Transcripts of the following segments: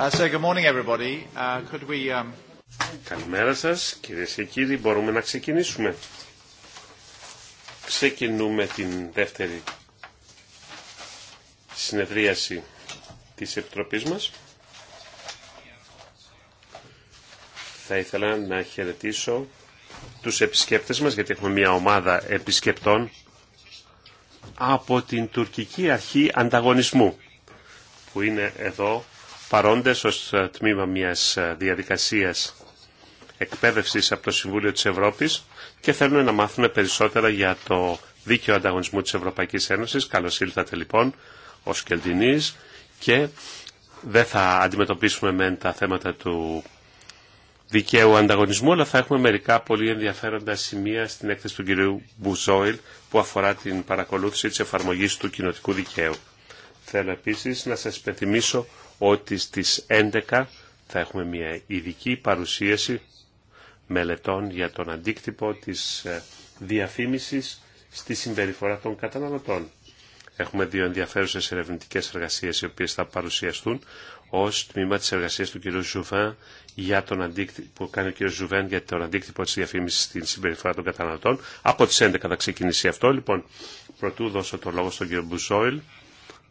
Uh, uh, um, Καλημέρα σας κυρίε και κύριοι, μπορούμε να ξεκινήσουμε. Ξεκινούμε την δεύτερη συνεδρίαση της Επιτροπής μας. Θα ήθελα να χαιρετήσω τους επισκέπτες μας, γιατί έχουμε μια ομάδα επισκεπτών από την τουρκική αρχή ανταγωνισμού, που είναι εδώ παρόντες ως ε, τμήμα μιας ε, διαδικασίας εκπαίδευσης από το Συμβούλιο της Ευρώπης και θέλουν να μάθουν περισσότερα για το δίκαιο ανταγωνισμού της Ευρωπαϊκής Ένωσης. Καλώς ήλθατε λοιπόν ως Κελτινής και δεν θα αντιμετωπίσουμε μεν τα θέματα του δικαίου ανταγωνισμού, αλλά θα έχουμε μερικά πολύ ενδιαφέροντα σημεία στην έκθεση του κυρίου Μπουζόιλ που αφορά την παρακολούθηση της εφαρμογής του κοινοτικού δικαίου. Θέλω επίσης να σας υπενθυμίσω ότι στις 11 θα έχουμε μια ειδική παρουσίαση μελετών για τον αντίκτυπο της ε, διαφήμισης στη συμπεριφορά των καταναλωτών. Έχουμε δύο ενδιαφέρουσες ερευνητικές εργασίες οι οποίες θα παρουσιαστούν ως τμήμα της εργασίας του κ. Ζουβέν για τον αντίκτυπο, που κάνει ο κ. Ζουβέν για τον αντίκτυπο της διαφήμισης στην συμπεριφορά των καταναλωτών. Από τις 11 θα ξεκινήσει αυτό. Λοιπόν, πρωτού δώσω το λόγο στον κ. Μπουζόιλ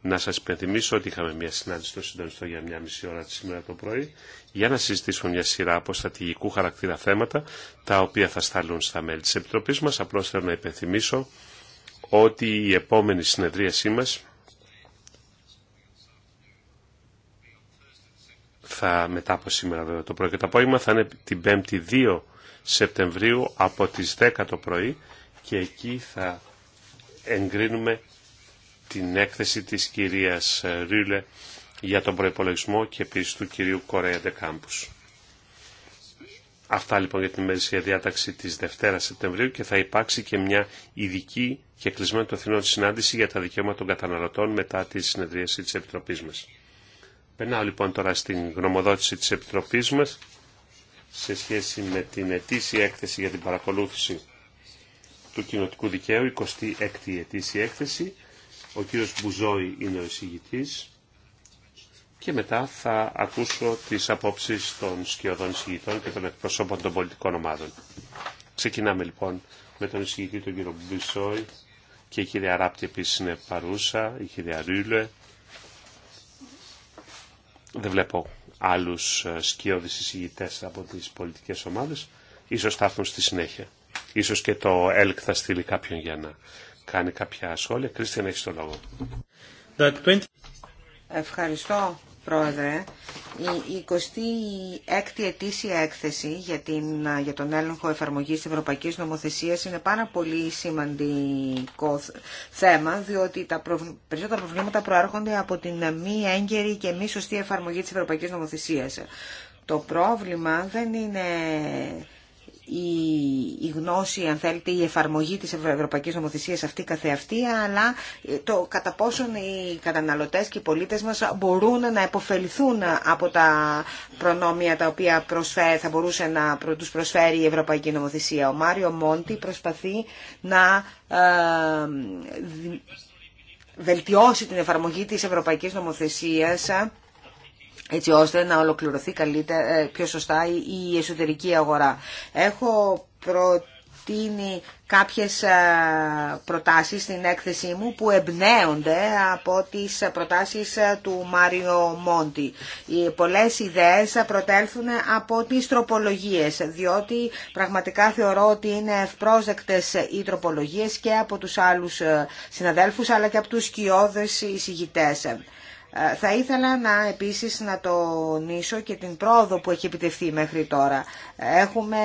να σας υπενθυμίσω ότι είχαμε μια συνάντηση στο συντονιστό για μια μισή ώρα σήμερα το πρωί για να συζητήσουμε μια σειρά από στρατηγικού χαρακτήρα θέματα τα οποία θα σταλούν στα μέλη της Επιτροπή μας. Απλώς θέλω να υπενθυμίσω ότι η επόμενη συνεδρίασή μας θα μετά από σήμερα βέβαια το πρωί και το απόγευμα θα είναι την 5η 2 Σεπτεμβρίου από τις 10 το πρωί και εκεί θα εγκρίνουμε την έκθεση της κυρίας Ρίλε για τον προϋπολογισμό και επίσης του κυρίου Κορέα Δεκάμπους. Αυτά λοιπόν για την ημερήσια διάταξη της Δευτέρα Σεπτεμβρίου και θα υπάρξει και μια ειδική και κλεισμένη των θυνών συνάντηση για τα δικαιώματα των καταναλωτών μετά τη συνεδρίαση της Επιτροπής μας. Περνάω λοιπόν τώρα στην γνωμοδότηση της Επιτροπής μας σε σχέση με την ετήσια έκθεση για την παρακολούθηση του κοινοτικού δικαίου, 26η ετήσια έκθεση. Ο κύριος Μπουζόη είναι ο εισηγητής και μετά θα ακούσω τις απόψεις των σκιωδών εισηγητών και των εκπροσώπων των πολιτικών ομάδων. Ξεκινάμε λοιπόν με τον εισηγητή τον κύριο Μπουζόη και η κυρία Ράπτη επίσης είναι παρούσα, η κυρία Ρούλε. Δεν βλέπω άλλους ε, σκιώδεις εισηγητές από τις πολιτικές ομάδες. Ίσως θα έρθουν στη συνέχεια. Ίσως και το ΕΛΚ θα στείλει κάποιον για να κάνει κάποια σχόλια. να έχει το λόγο. Ευχαριστώ, Πρόεδρε. Η 26η ετήσια έκθεση για, την, για τον έλεγχο εφαρμογής της Ευρωπαϊκής Νομοθεσίας είναι πάρα πολύ σημαντικό θέμα, διότι τα περισσότερα προβλήματα προέρχονται από την μη έγκαιρη και μη σωστή εφαρμογή της Ευρωπαϊκής Νομοθεσίας. Το πρόβλημα δεν είναι η, γνώση, αν θέλετε, η εφαρμογή της ευρωπαϊκής νομοθεσίας αυτή καθεαυτή, αλλά ε, το κατά πόσον οι καταναλωτές και οι πολίτες μας μπορούν να επωφεληθούν από τα προνόμια τα οποία προσφέρει, θα μπορούσε να τους προσφέρει η ευρωπαϊκή νομοθεσία. Ο Μάριο Μόντι προσπαθεί να ε, βελτιώσει την εφαρμογή της ευρωπαϊκής νομοθεσίας έτσι ώστε να ολοκληρωθεί καλύτερα, ε, πιο σωστά η εσωτερική αγορά. Έχω προτείνει κάποιες ε, προτάσεις στην έκθεσή μου που εμπνέονται από τις προτάσεις ε, του Μάριο Μόντι. Οι πολλές ιδέες προτέλθουν από τις τροπολογίες, διότι πραγματικά θεωρώ ότι είναι ευπρόσδεκτες οι τροπολογίες και από τους άλλους συναδέλφους, αλλά και από τους σκιώδες εισηγητές. Ε, θα ήθελα να επίσης να τονίσω και την πρόοδο που έχει επιτευχθεί μέχρι τώρα. Έχουμε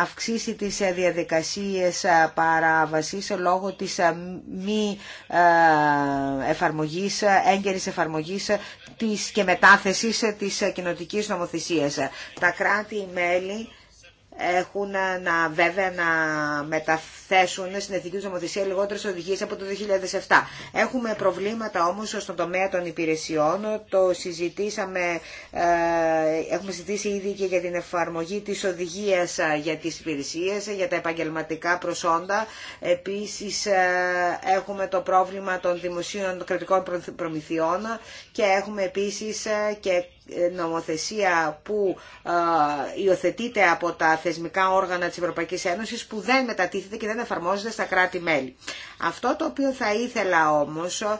αυξήσει τις ε, διαδικασίες ε, παράβασης λόγω της μη εφαρμογής, έγκαιρης εφαρμογής της και μετάθεσης της κοινοτικής νομοθεσίας. Τα κράτη-μέλη έχουν να, βέβαια να μεταθέσουν στην εθνική νομοθεσία λιγότερε οδηγίε από το 2007. Έχουμε προβλήματα όμω στον τομέα των υπηρεσιών. Το συζητήσαμε, ε, έχουμε συζητήσει ήδη και για την εφαρμογή τη οδηγία ε, για τι υπηρεσίε, για τα επαγγελματικά προσόντα. Επίση ε, έχουμε το πρόβλημα των δημοσίων κρατικών προμηθειών και έχουμε επίση και νομοθεσία που ε, υιοθετείται από τα θεσμικά όργανα της Ευρωπαϊκής Ένωσης που δεν μετατίθεται και δεν εφαρμόζεται στα κράτη-μέλη. Αυτό το οποίο θα ήθελα όμως ε,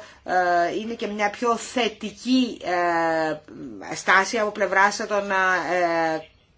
είναι και μια πιο θετική ε, στάση από πλευράς των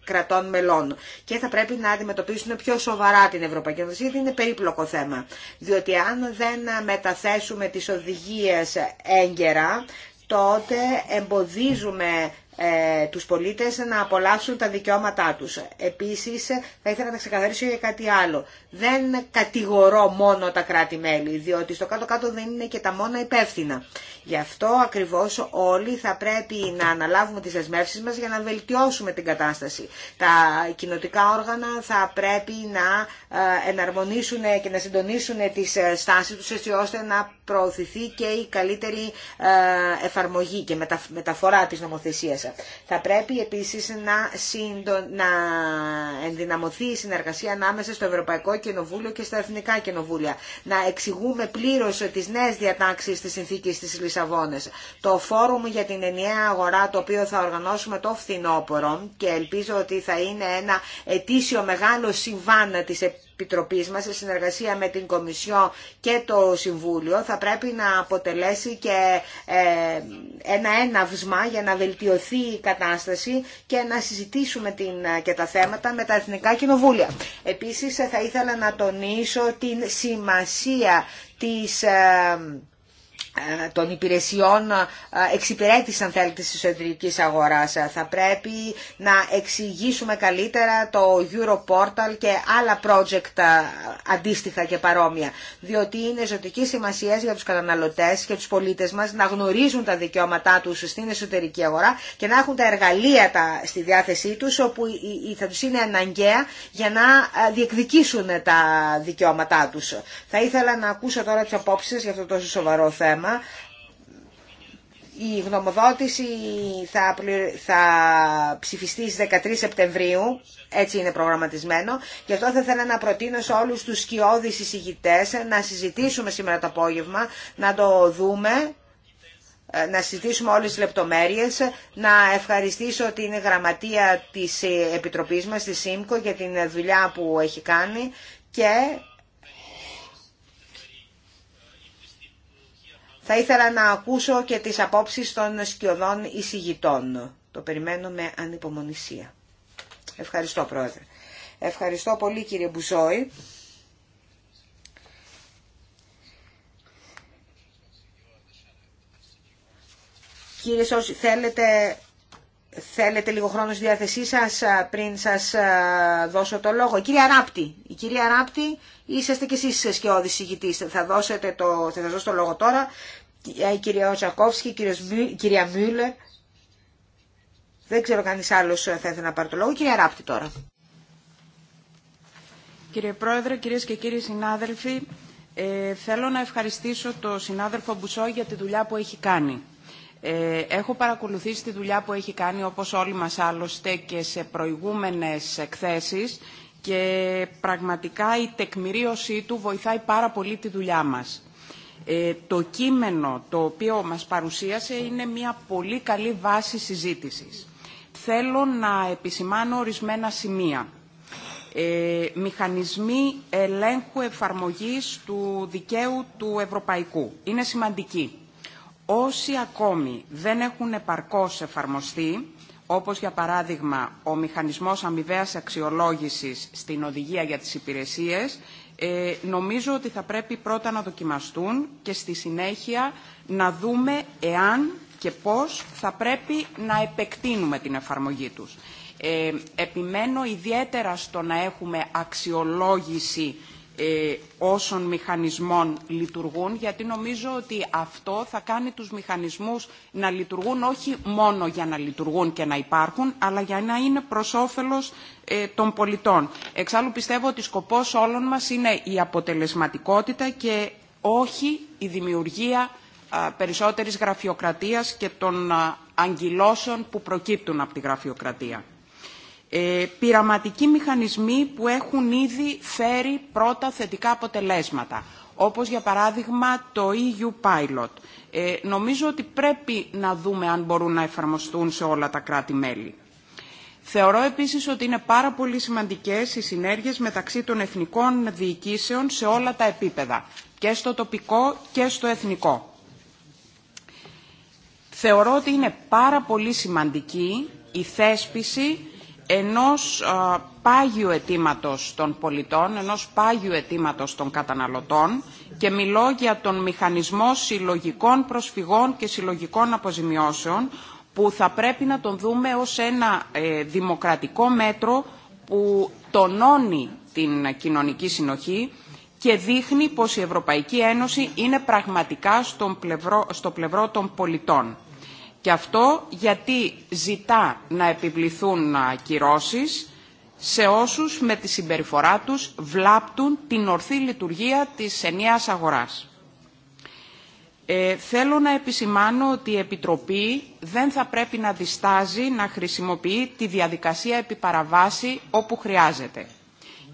κρατών μελών. Και θα πρέπει να αντιμετωπίσουν πιο σοβαρά την Ευρωπαϊκή Ένωση, γιατί είναι περίπλοκο θέμα. Διότι αν δεν μεταθέσουμε τις οδηγίες έγκαιρα, τότε εμποδίζουμε ε, τους πολίτες να απολαύσουν τα δικαιώματά τους. Επίσης, θα ήθελα να ξεκαθαρίσω για κάτι άλλο. Δεν κατηγορώ μόνο τα κράτη-μέλη, διότι στο κάτω-κάτω δεν είναι και τα μόνα υπεύθυνα. Γι' αυτό ακριβώς όλοι θα πρέπει να αναλάβουμε τις δεσμεύσει μας για να βελτιώσουμε την κατάσταση. Τα κοινοτικά όργανα θα πρέπει να ε, εναρμονίσουν και να συντονίσουν τις στάσεις τους έτσι ώστε να προωθηθεί και η καλύτερη ε, εφαρμογή και μεταφορά της νομοθεσίας θα πρέπει επίσης να, συντο... να ενδυναμωθεί η συνεργασία ανάμεσα στο Ευρωπαϊκό Κοινοβούλιο και στα Εθνικά Κοινοβούλια. Να εξηγούμε πλήρως τις νέες διατάξεις της συνθήκης της Λισαβόνας. Το φόρουμ για την ενιαία αγορά το οποίο θα οργανώσουμε το φθινόπωρο και ελπίζω ότι θα είναι ένα ετήσιο μεγάλο συμβάν της μας σε συνεργασία με την Κομισιό και το Συμβούλιο θα πρέπει να αποτελέσει και ε, ένα έναυσμα για να βελτιωθεί η κατάσταση και να συζητήσουμε την, ε, και τα θέματα με τα Εθνικά Κοινοβούλια. Επίση, θα ήθελα να τονίσω την σημασία της ε, ε, των υπηρεσιών ε, εξυπηρέτηση αν θέλετε της εσωτερικής αγοράς. Ε, θα πρέπει να εξηγήσουμε καλύτερα το Europortal και άλλα project αντίστοιχα και παρόμοια, διότι είναι ζωτική σημασία για τους καταναλωτές και τους πολίτες μας να γνωρίζουν τα δικαιώματά τους στην εσωτερική αγορά και να έχουν τα εργαλεία τα, στη διάθεσή τους όπου θα τους είναι αναγκαία για να διεκδικήσουν τα δικαιώματά τους. Θα ήθελα να ακούσω τώρα τις απόψεις για αυτό το τόσο σοβαρό θέμα η γνωμοδότηση θα, θα ψηφιστεί στις 13 Σεπτεμβρίου, έτσι είναι προγραμματισμένο. και αυτό θα ήθελα να προτείνω σε όλους τους σκιώδεις εισηγητές να συζητήσουμε σήμερα το απόγευμα, να το δούμε, ε, να συζητήσουμε όλες τις λεπτομέρειες, να ευχαριστήσω την γραμματεία της Επιτροπής μας, τη ΣΥΜΚΟ, για την δουλειά που έχει κάνει και Θα ήθελα να ακούσω και τις απόψεις των σκιωδών εισηγητών. Το περιμένω με ανυπομονησία. Ευχαριστώ Πρόεδρε. Ευχαριστώ πολύ κύριε Μπουζόη. Κύριε Σώση, θέλετε Θέλετε λίγο χρόνο στη διάθεσή σας πριν σας δώσω το λόγο. Η κυρία Ράπτη, η κυρία Ράπτη είσαστε κι εσείς σκιώδης συγητής. Θα, δώσετε το, θα σας δώσω το λόγο τώρα. Η ε, κυρία Οτσακόφσκη, η κυρία Μιούλερ. Δεν ξέρω κανείς άλλος ε, θα ήθελε να πάρει το λόγο. Η κυρία Ράπτη τώρα. Κύριε Πρόεδρε, κυρίες και κύριοι συνάδελφοι, ε, θέλω να ευχαριστήσω τον συνάδελφο Μπουσό για τη δουλειά που έχει κάνει. Ε, έχω παρακολουθήσει τη δουλειά που έχει κάνει όπως όλοι μας άλλωστε και σε προηγούμενες εκθέσεις και πραγματικά η τεκμηρίωσή του βοηθάει πάρα πολύ τη δουλειά μας. Ε, το κείμενο το οποίο μας παρουσίασε είναι μια πολύ καλή βάση συζήτησης. Θέλω να επισημάνω ορισμένα σημεία. Ε, μηχανισμοί ελέγχου εφαρμογής του δικαίου του ευρωπαϊκού. Είναι σημαντικοί όσοι ακόμη δεν έχουν επαρκώς εφαρμοστεί, όπως για παράδειγμα ο μηχανισμός αμοιβαίας αξιολόγησης στην οδηγία για τις υπηρεσίες, ε, νομίζω ότι θα πρέπει πρώτα να δοκιμαστούν και στη συνέχεια να δούμε εάν και πώς θα πρέπει να επεκτείνουμε την εφαρμογή τους. Ε, επιμένω ιδιαίτερα στο να έχουμε αξιολόγηση ε, όσων μηχανισμών λειτουργούν, γιατί νομίζω ότι αυτό θα κάνει τους μηχανισμούς να λειτουργούν όχι μόνο για να λειτουργούν και να υπάρχουν, αλλά για να είναι προς όφελος ε, των πολιτών. Εξάλλου πιστεύω ότι σκοπός όλων μας είναι η αποτελεσματικότητα και όχι η δημιουργία περισσότερης γραφειοκρατίας και των αγγυλώσεων που προκύπτουν από τη γραφειοκρατία ε, πειραματικοί μηχανισμοί που έχουν ήδη φέρει πρώτα θετικά αποτελέσματα, όπως για παράδειγμα το EU Pilot. Ε, νομίζω ότι πρέπει να δούμε αν μπορούν να εφαρμοστούν σε όλα τα κράτη-μέλη. Θεωρώ επίσης ότι είναι πάρα πολύ σημαντικές οι συνέργειες μεταξύ των εθνικών διοικήσεων σε όλα τα επίπεδα, και στο τοπικό και στο εθνικό. Θεωρώ ότι είναι πάρα πολύ σημαντική η θέσπιση ενός πάγιου αιτήματο των πολιτών, ενός πάγιου αιτήματο των καταναλωτών και μιλώ για τον μηχανισμό συλλογικών προσφυγών και συλλογικών αποζημιώσεων που θα πρέπει να τον δούμε ως ένα ε, δημοκρατικό μέτρο που τονώνει την κοινωνική συνοχή και δείχνει πως η Ευρωπαϊκή Ένωση είναι πραγματικά στο πλευρό των πολιτών. Και αυτό γιατί ζητά να επιβληθούν κυρώσεις σε όσους με τη συμπεριφορά τους βλάπτουν την ορθή λειτουργία της ενιαίας αγοράς. Ε, θέλω να επισημάνω ότι η Επιτροπή δεν θα πρέπει να διστάζει να χρησιμοποιεί τη διαδικασία επιπαραβάση όπου χρειάζεται.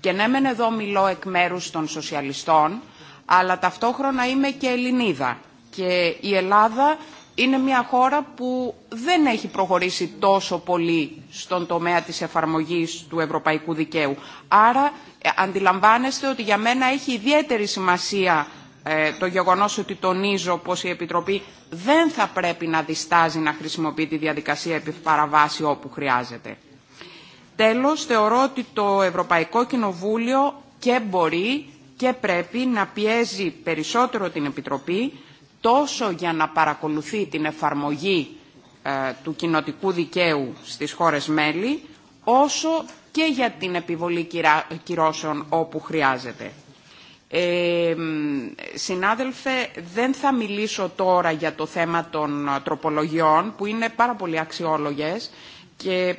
Και ναι μεν εδώ μιλώ εκ μέρους των σοσιαλιστών, αλλά ταυτόχρονα είμαι και Ελληνίδα. Και η Ελλάδα είναι μια χώρα που δεν έχει προχωρήσει τόσο πολύ στον τομέα της εφαρμογής του ευρωπαϊκού δικαίου. Άρα ε, αντιλαμβάνεστε ότι για μένα έχει ιδιαίτερη σημασία ε, το γεγονός ότι τονίζω πως η Επιτροπή δεν θα πρέπει να διστάζει να χρησιμοποιεί τη διαδικασία επί παραβάση όπου χρειάζεται. Τέλος, θεωρώ ότι το Ευρωπαϊκό Κοινοβούλιο και μπορεί και πρέπει να πιέζει περισσότερο την Επιτροπή τόσο για να παρακολουθεί την εφαρμογή ε, του κοινοτικού δικαίου στις χώρες μέλη, όσο και για την επιβολή κυρώσεων όπου χρειάζεται. Ε, συνάδελφε, δεν θα μιλήσω τώρα για το θέμα των τροπολογιών, που είναι πάρα πολύ αξιόλογες, και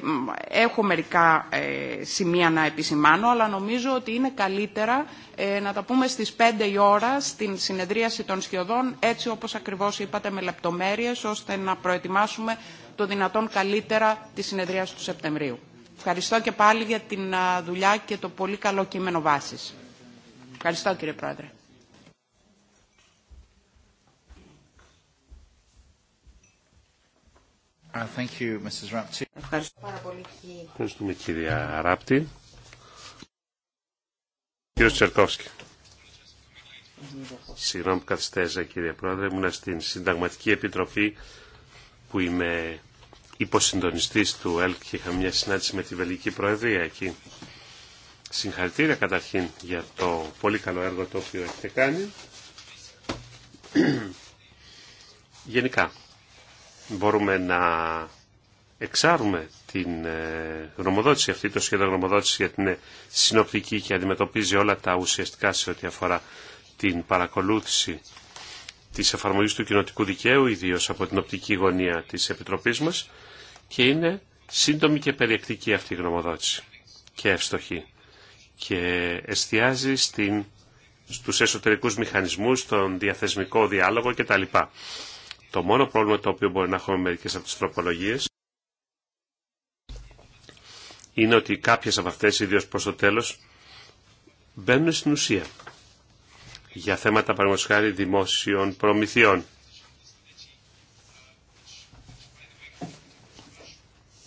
έχω μερικά ε, σημεία να επισημάνω, αλλά νομίζω ότι είναι καλύτερα ε, να τα πούμε στις 5 η ώρα στην συνεδρίαση των σχεδόν, έτσι όπως ακριβώς είπατε με λεπτομέρειες, ώστε να προετοιμάσουμε το δυνατόν καλύτερα τη συνεδρίαση του Σεπτεμβρίου. Ευχαριστώ και πάλι για την δουλειά και το πολύ καλό κείμενο βάσης. Ευχαριστώ κύριε Πρόεδρε. Uh, thank you, Mrs. Ευχαριστώ πάρα πολύ. Ευχαριστούμε κυρία Ράπτη. Κύριο Τσερκόφσκι. Συγγνώμη που καθυστέρησα κύριε Πρόεδρε, ήμουν στην Συνταγματική επιτροφή που είμαι υποσυντονιστής του ΕΛΚ και είχα μια συνάντηση με τη Βελική Προεδρία εκεί. Συγχαρητήρια καταρχήν για το πολύ καλό έργο το οποίο έχετε κάνει. Γενικά, μπορούμε να εξάρουμε την ε, γνωμοδότηση αυτή, το σχέδιο γνωμοδότηση γιατί είναι συνοπτική και αντιμετωπίζει όλα τα ουσιαστικά σε ό,τι αφορά την παρακολούθηση της εφαρμογής του κοινοτικού δικαίου, ιδίως από την οπτική γωνία της Επιτροπής μας και είναι σύντομη και περιεκτική αυτή η γνωμοδότηση και εύστοχη και εστιάζει στην, στους εσωτερικούς μηχανισμούς, στον διαθεσμικό διάλογο κτλ. Το μόνο πρόβλημα το οποίο μπορεί να έχουμε μερικές από τις τροπολογίες είναι ότι κάποιες από αυτές, ιδίως προς το τέλος, μπαίνουν στην ουσία για θέματα παραγωγικά δημόσιων προμηθειών.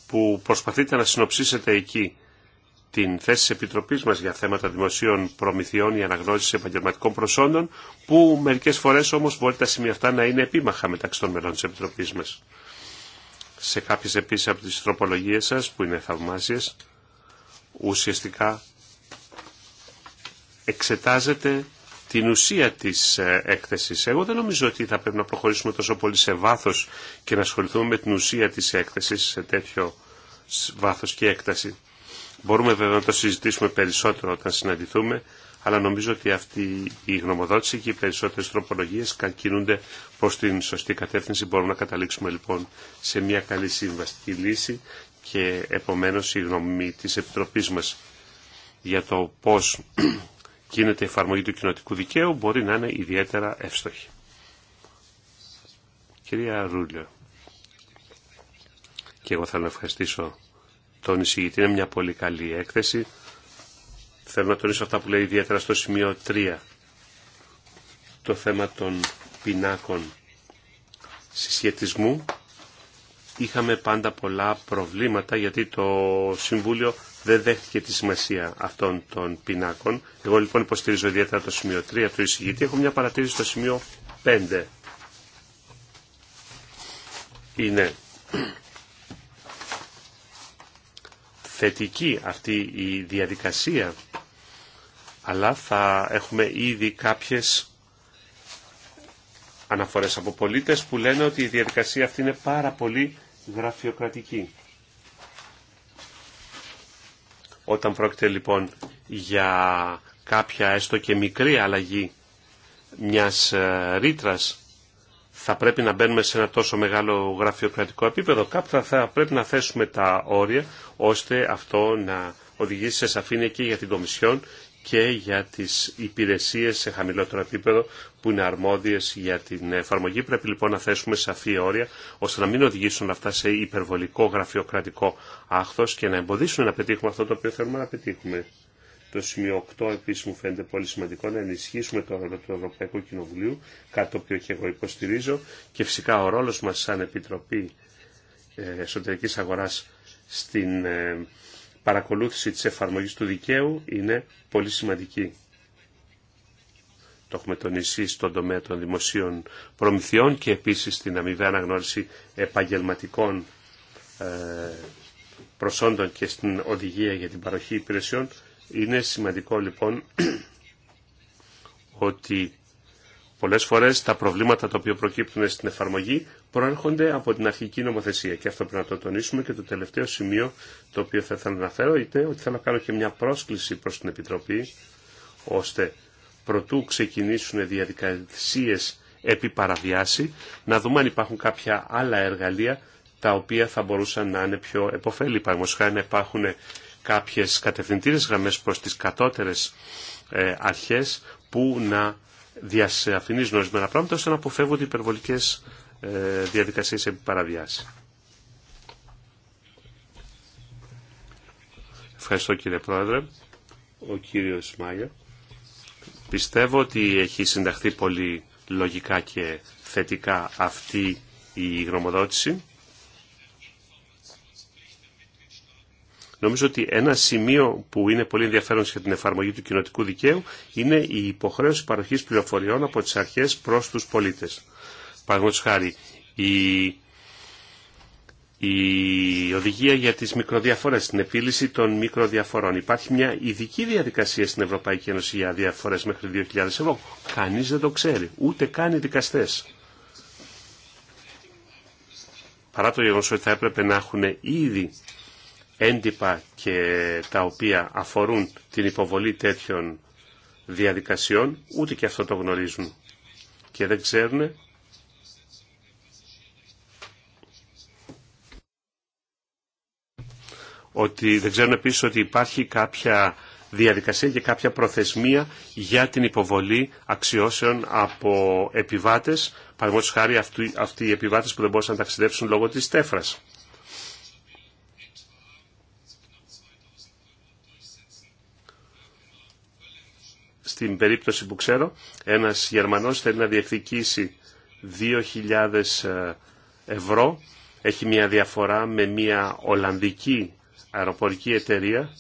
που προσπαθείτε να συνοψίσετε εκεί την θέση τη Επιτροπής μας για θέματα δημοσίων προμηθειών ή αναγνώριση επαγγελματικών προσόντων, που μερικές φορές όμως μπορεί τα σημεία αυτά να είναι επίμαχα μεταξύ των μελών της Επιτροπής μας σε κάποιες επίσης από τις τροπολογίες σας που είναι θαυμάσιες ουσιαστικά εξετάζεται την ουσία της ε, έκθεσης. Εγώ δεν νομίζω ότι θα πρέπει να προχωρήσουμε τόσο πολύ σε βάθος και να ασχοληθούμε με την ουσία της έκθεσης σε τέτοιο βάθος και έκταση. Μπορούμε βέβαια να το συζητήσουμε περισσότερο όταν συναντηθούμε, αλλά νομίζω ότι αυτή η γνωμοδότηση και οι περισσότερες τροπολογίε κινούνται προ την σωστή κατεύθυνση. Μπορούμε να καταλήξουμε λοιπόν σε μια καλή συμβαστική λύση και επομένως η γνωμή τη Επιτροπής μας για το πώς γίνεται η εφαρμογή του κοινοτικού δικαίου μπορεί να είναι ιδιαίτερα εύστοχη. Κυρία Ρούλιο, και εγώ θέλω να ευχαριστήσω τον εισηγητή. Είναι μια πολύ καλή έκθεση θέλω να τονίσω αυτά που λέει ιδιαίτερα στο σημείο 3. Το θέμα των πινάκων συσχετισμού. Είχαμε πάντα πολλά προβλήματα γιατί το Συμβούλιο δεν δέχτηκε τη σημασία αυτών των πινάκων. Εγώ λοιπόν υποστηρίζω ιδιαίτερα το σημείο 3 του εισηγητή. Έχω μια παρατήρηση στο σημείο 5. Είναι θετική αυτή η διαδικασία αλλά θα έχουμε ήδη κάποιες αναφορές από πολίτες που λένε ότι η διαδικασία αυτή είναι πάρα πολύ γραφειοκρατική. Όταν πρόκειται λοιπόν για κάποια έστω και μικρή αλλαγή μιας ε, ρήτρα θα πρέπει να μπαίνουμε σε ένα τόσο μεγάλο γραφειοκρατικό επίπεδο. Κάπου θα πρέπει να θέσουμε τα όρια ώστε αυτό να οδηγήσει σε σαφήνεια και για την Κομισιόν και για τις υπηρεσίες σε χαμηλότερο επίπεδο που είναι αρμόδιες για την εφαρμογή. Πρέπει λοιπόν να θέσουμε σαφή όρια ώστε να μην οδηγήσουν αυτά σε υπερβολικό γραφειοκρατικό άχθος και να εμποδίσουν να πετύχουμε αυτό το οποίο θέλουμε να πετύχουμε. Το σημείο 8 επίση μου φαίνεται πολύ σημαντικό να ενισχύσουμε το ρόλο του Ευρωπαϊκού Κοινοβουλίου, κάτι το οποίο και εγώ υποστηρίζω και φυσικά ο ρόλος μας σαν Επιτροπή ε, Εσωτερικής Αγοράς στην ε, παρακολούθηση της εφαρμογής του δικαίου είναι πολύ σημαντική. Το έχουμε τονίσει στον τομέα των δημοσίων προμηθειών και επίσης στην αμοιβή αναγνώριση επαγγελματικών ε, προσόντων και στην οδηγία για την παροχή υπηρεσιών. Είναι σημαντικό λοιπόν ότι Πολλές φορές τα προβλήματα τα οποία προκύπτουν στην εφαρμογή προέρχονται από την αρχική νομοθεσία και αυτό πρέπει να το τονίσουμε και το τελευταίο σημείο το οποίο θα ήθελα να αναφέρω είτε ότι θέλω να κάνω και μια πρόσκληση προς την Επιτροπή ώστε προτού ξεκινήσουν διαδικασίες επί παραβιάση να δούμε αν υπάρχουν κάποια άλλα εργαλεία τα οποία θα μπορούσαν να είναι πιο επωφέλη. Παραγματικά να υπάρχουν κάποιες κατευθυντήρες γραμμές προς τις κατώτερες ε, αρχές που να διασαφηνίζουν ορισμένα πράγματα ώστε να αποφεύγονται υπερβολικές ε, διαδικασίες επί παραβιάση. Ευχαριστώ κύριε Πρόεδρε, ο κύριος Μάγια. Πιστεύω ότι έχει συνταχθεί πολύ λογικά και θετικά αυτή η γνωμοδότηση. Νομίζω ότι ένα σημείο που είναι πολύ ενδιαφέρον για την εφαρμογή του κοινοτικού δικαίου είναι η υποχρέωση παροχής πληροφοριών από τις αρχές προς τους πολίτες. Παραδείγματος χάρη, η, οδηγία για τις μικροδιαφορές, την επίλυση των μικροδιαφορών. Υπάρχει μια ειδική διαδικασία στην Ευρωπαϊκή Ένωση για διαφορές μέχρι 2.000 ευρώ. Κανείς δεν το ξέρει, ούτε καν οι δικαστές παρά το γεγονό ότι θα έπρεπε να έχουν ήδη έντυπα και τα οποία αφορούν την υποβολή τέτοιων διαδικασιών, ούτε και αυτό το γνωρίζουν. Και δεν ξέρουν ότι δεν ξέρουν επίσης ότι υπάρχει κάποια διαδικασία και κάποια προθεσμία για την υποβολή αξιώσεων από επιβάτες, παραδείγματος χάρη αυτοί, αυτοί οι επιβάτες που δεν μπορούσαν να ταξιδέψουν λόγω της τέφρας. στην περίπτωση που ξέρω, ένας Γερμανός θέλει να διεκδικήσει 2.000 ε, ευρώ, έχει μια διαφορά με μια Ολλανδική αεροπορική εταιρεία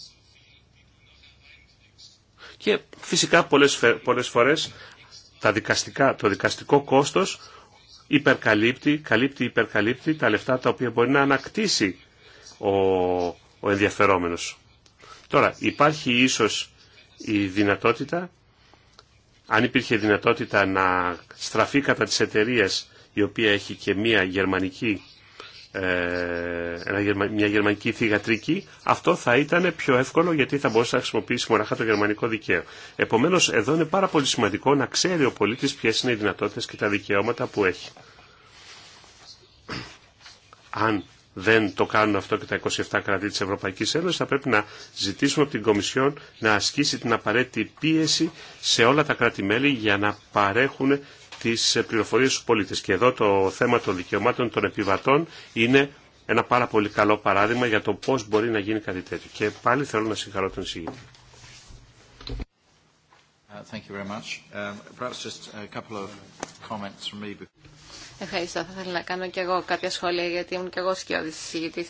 και φυσικά πολλές, πολλές φορές τα δικαστικά, το δικαστικό κόστος υπερκαλύπτει, καλύπτει, υπερκαλύπτει τα λεφτά τα οποία μπορεί να ανακτήσει ο, ο ενδιαφερόμενος. Τώρα, υπάρχει ίσως η δυνατότητα αν υπήρχε δυνατότητα να στραφεί κατά τις εταιρείες η οποία έχει και μια γερμανική, μια ε, γερμανική θηγατρική, αυτό θα ήταν πιο εύκολο γιατί θα μπορούσε να χρησιμοποιήσει μονάχα το γερμανικό δικαίωμα. Επομένως, εδώ είναι πάρα πολύ σημαντικό να ξέρει ο πολίτης ποιες είναι οι δυνατότητες και τα δικαιώματα που έχει. Αν δεν το κάνουν αυτό και τα 27 κράτη της Ευρωπαϊκής Ένωσης, θα πρέπει να ζητήσουμε από την Κομισιόν να ασκήσει την απαραίτητη πίεση σε όλα τα κράτη-μέλη για να παρέχουν τις πληροφορίες στους πολίτες. Και εδώ το θέμα των δικαιωμάτων των επιβατών είναι ένα πάρα πολύ καλό παράδειγμα για το πώς μπορεί να γίνει κάτι τέτοιο. Και πάλι θέλω να συγχαρώ τον συγγενή. Ευχαριστώ. Θα ήθελα να κάνω και εγώ κάποια σχόλια γιατί ήμουν και εγώ σκιώδης εισηγητής.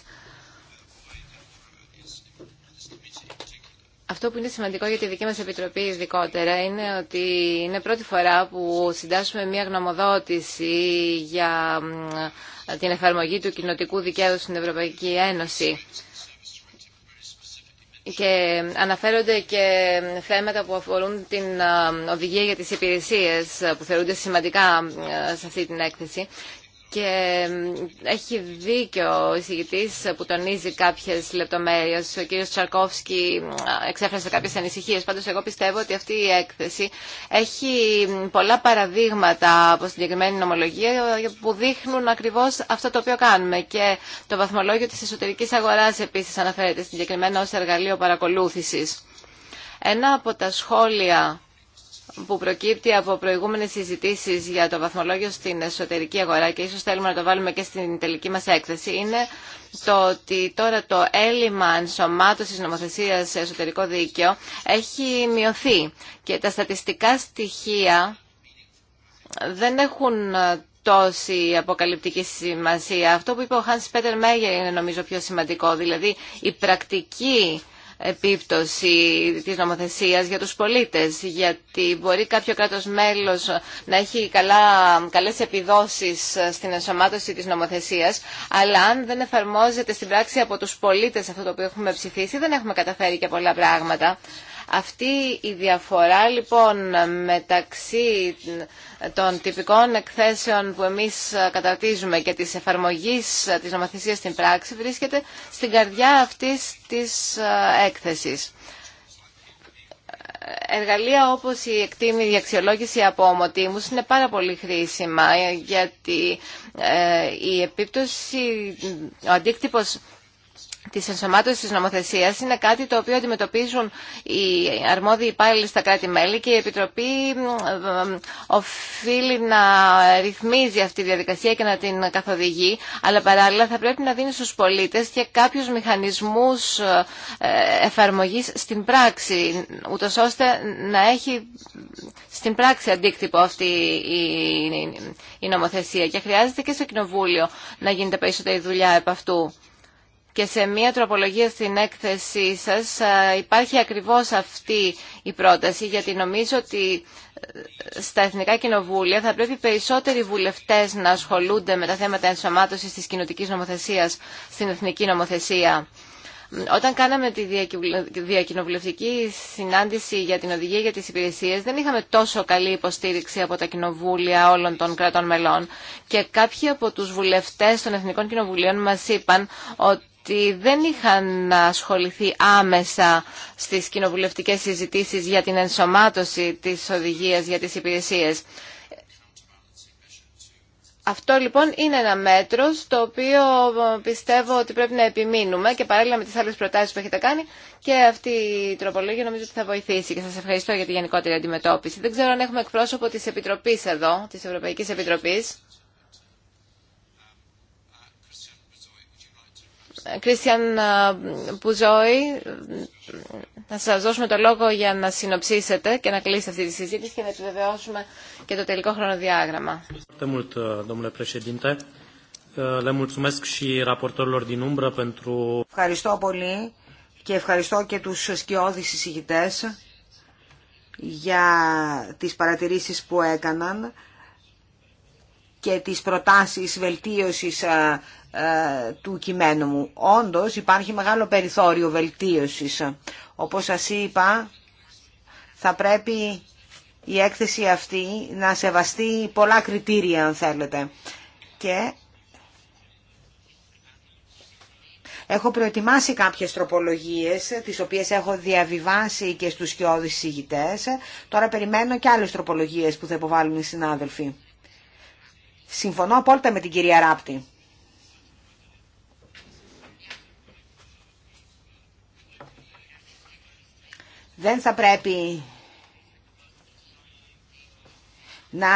Αυτό που είναι σημαντικό για τη δική μας Επιτροπή ειδικότερα είναι ότι είναι πρώτη φορά που συντάσσουμε μια γνωμοδότηση για την εφαρμογή του κοινοτικού δικαίου στην Ευρωπαϊκή Ένωση και αναφέρονται και θέματα που αφορούν την ε, οδηγία για τις υπηρεσίες ε, που θεωρούνται σημαντικά ε, σε αυτή την έκθεση και έχει δίκιο ο εισηγητή που τονίζει κάποιε λεπτομέρειε. Ο κύριος Τσαρκόφσκι εξέφρασε κάποιε ανησυχίε, Πάντως εγώ πιστεύω ότι αυτή η έκθεση έχει πολλά παραδείγματα από συγκεκριμένη νομολογία που δείχνουν ακριβώ αυτό το οποίο κάνουμε. Και το βαθμολόγιο τη εσωτερική αγορά επίση αναφέρεται συγκεκριμένα ω εργαλείο παρακολούθηση. Ένα από τα σχόλια που προκύπτει από προηγούμενες συζητήσεις για το βαθμολόγιο στην εσωτερική αγορά και ίσως θέλουμε να το βάλουμε και στην τελική μας έκθεση είναι το ότι τώρα το έλλειμμα ενσωμάτωσης νομοθεσίας σε εσωτερικό δίκαιο έχει μειωθεί και τα στατιστικά στοιχεία δεν έχουν τόση αποκαλυπτική σημασία. Αυτό που είπε ο Χάνς Πέτερ Μέγερ είναι νομίζω πιο σημαντικό, δηλαδή η πρακτική επίπτωση της νομοθεσίας για τους πολίτες, γιατί μπορεί κάποιο κράτος μέλος να έχει καλά, καλές επιδόσεις στην ενσωμάτωση της νομοθεσίας, αλλά αν δεν εφαρμόζεται στην πράξη από τους πολίτες αυτό το οποίο έχουμε ψηφίσει, δεν έχουμε καταφέρει και πολλά πράγματα. Αυτή η διαφορά λοιπόν μεταξύ των τυπικών εκθέσεων που εμείς καταρτίζουμε και της εφαρμογής της νομοθεσίας στην πράξη βρίσκεται στην καρδιά αυτής της ε, έκθεσης. Εργαλεία όπως η η αξιολόγηση από ομοτήμους είναι πάρα πολύ χρήσιμα ε, γιατί ε, η επίπτωση, ο αντίκτυπος τη ενσωμάτωση τη νομοθεσία είναι κάτι το οποίο αντιμετωπίζουν οι αρμόδιοι υπάλληλοι στα κράτη-μέλη και η Επιτροπή οφείλει να ρυθμίζει αυτή τη διαδικασία και να την καθοδηγεί, αλλά παράλληλα θα πρέπει να δίνει στου πολίτε και κάποιου μηχανισμού ε, εφαρμογή στην πράξη, ούτω ώστε να έχει στην πράξη αντίκτυπο αυτή η νομοθεσία. Και χρειάζεται και στο Κοινοβούλιο να γίνεται περισσότερη δουλειά επ' αυτού. Και σε μία τροπολογία στην έκθεσή σας υπάρχει ακριβώς αυτή η πρόταση, γιατί νομίζω ότι ε, στα Εθνικά Κοινοβούλια θα πρέπει περισσότεροι βουλευτές να ασχολούνται με τα θέματα ενσωμάτωσης της κοινοτικής νομοθεσίας στην Εθνική Νομοθεσία. Όταν κάναμε τη διακοινοβουλευτική συνάντηση για την οδηγία για τις υπηρεσίες δεν είχαμε τόσο καλή υποστήριξη από τα κοινοβούλια όλων των κρατών μελών και κάποιοι από τους βουλευτές των Εθνικών Κοινοβουλίων μας είπαν ότι ότι δεν είχαν ασχοληθεί άμεσα στις κοινοβουλευτικές συζητήσεις για την ενσωμάτωση της οδηγίας για τις υπηρεσίες. Αυτό λοιπόν είναι ένα μέτρο στο οποίο πιστεύω ότι πρέπει να επιμείνουμε και παράλληλα με τις άλλες προτάσεις που έχετε κάνει και αυτή η τροπολογία νομίζω ότι θα βοηθήσει και σας ευχαριστώ για τη γενικότερη αντιμετώπιση. Δεν ξέρω αν έχουμε εκπρόσωπο της Επιτροπής εδώ, της Ευρωπαϊκής Επιτροπής. Κρίστιαν ε, Πουζόη, να σας δώσουμε το λόγο για να συνοψίσετε και να κλείσετε αυτή τη συζήτηση και να επιβεβαιώσουμε και το τελικό χρονοδιάγραμμα. Ε, ε, ευχαριστώ πολύ και ευχαριστώ και τους σκιώδεις εισηγητές για τις παρατηρήσεις που έκαναν και τις προτάσεις βελτίωσης του κειμένου μου. Όντως υπάρχει μεγάλο περιθώριο βελτίωσης. Όπως σας είπα, θα πρέπει η έκθεση αυτή να σεβαστεί πολλά κριτήρια, αν θέλετε. Και έχω προετοιμάσει κάποιες τροπολογίες, τις οποίες έχω διαβιβάσει και στους σκιώδεις συγητές. Τώρα περιμένω και άλλες τροπολογίες που θα υποβάλουν οι συνάδελφοι. Συμφωνώ απόλυτα με την κυρία Ράπτη. Δεν θα πρέπει να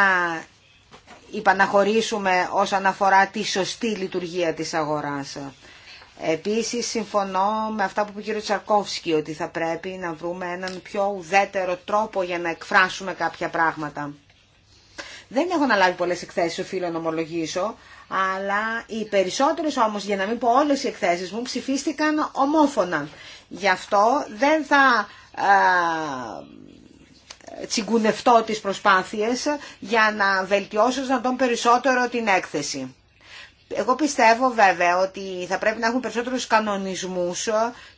υπαναχωρήσουμε όσον αφορά τη σωστή λειτουργία της αγοράς. Επίσης συμφωνώ με αυτά που είπε ο κ. Τσαρκόφσκι ότι θα πρέπει να βρούμε έναν πιο ουδέτερο τρόπο για να εκφράσουμε κάποια πράγματα. Δεν έχω αναλάβει πολλές εκθέσεις, οφείλω να ομολογήσω, αλλά οι περισσότερες όμως, για να μην πω όλες οι εκθέσεις μου, ψηφίστηκαν ομόφωνα. Γι' αυτό δεν θα α, τσιγκουνευτώ τις προσπάθειες για να βελτιώσω να τον περισσότερο την έκθεση. Εγώ πιστεύω βέβαια ότι θα πρέπει να έχουν περισσότερους κανονισμούς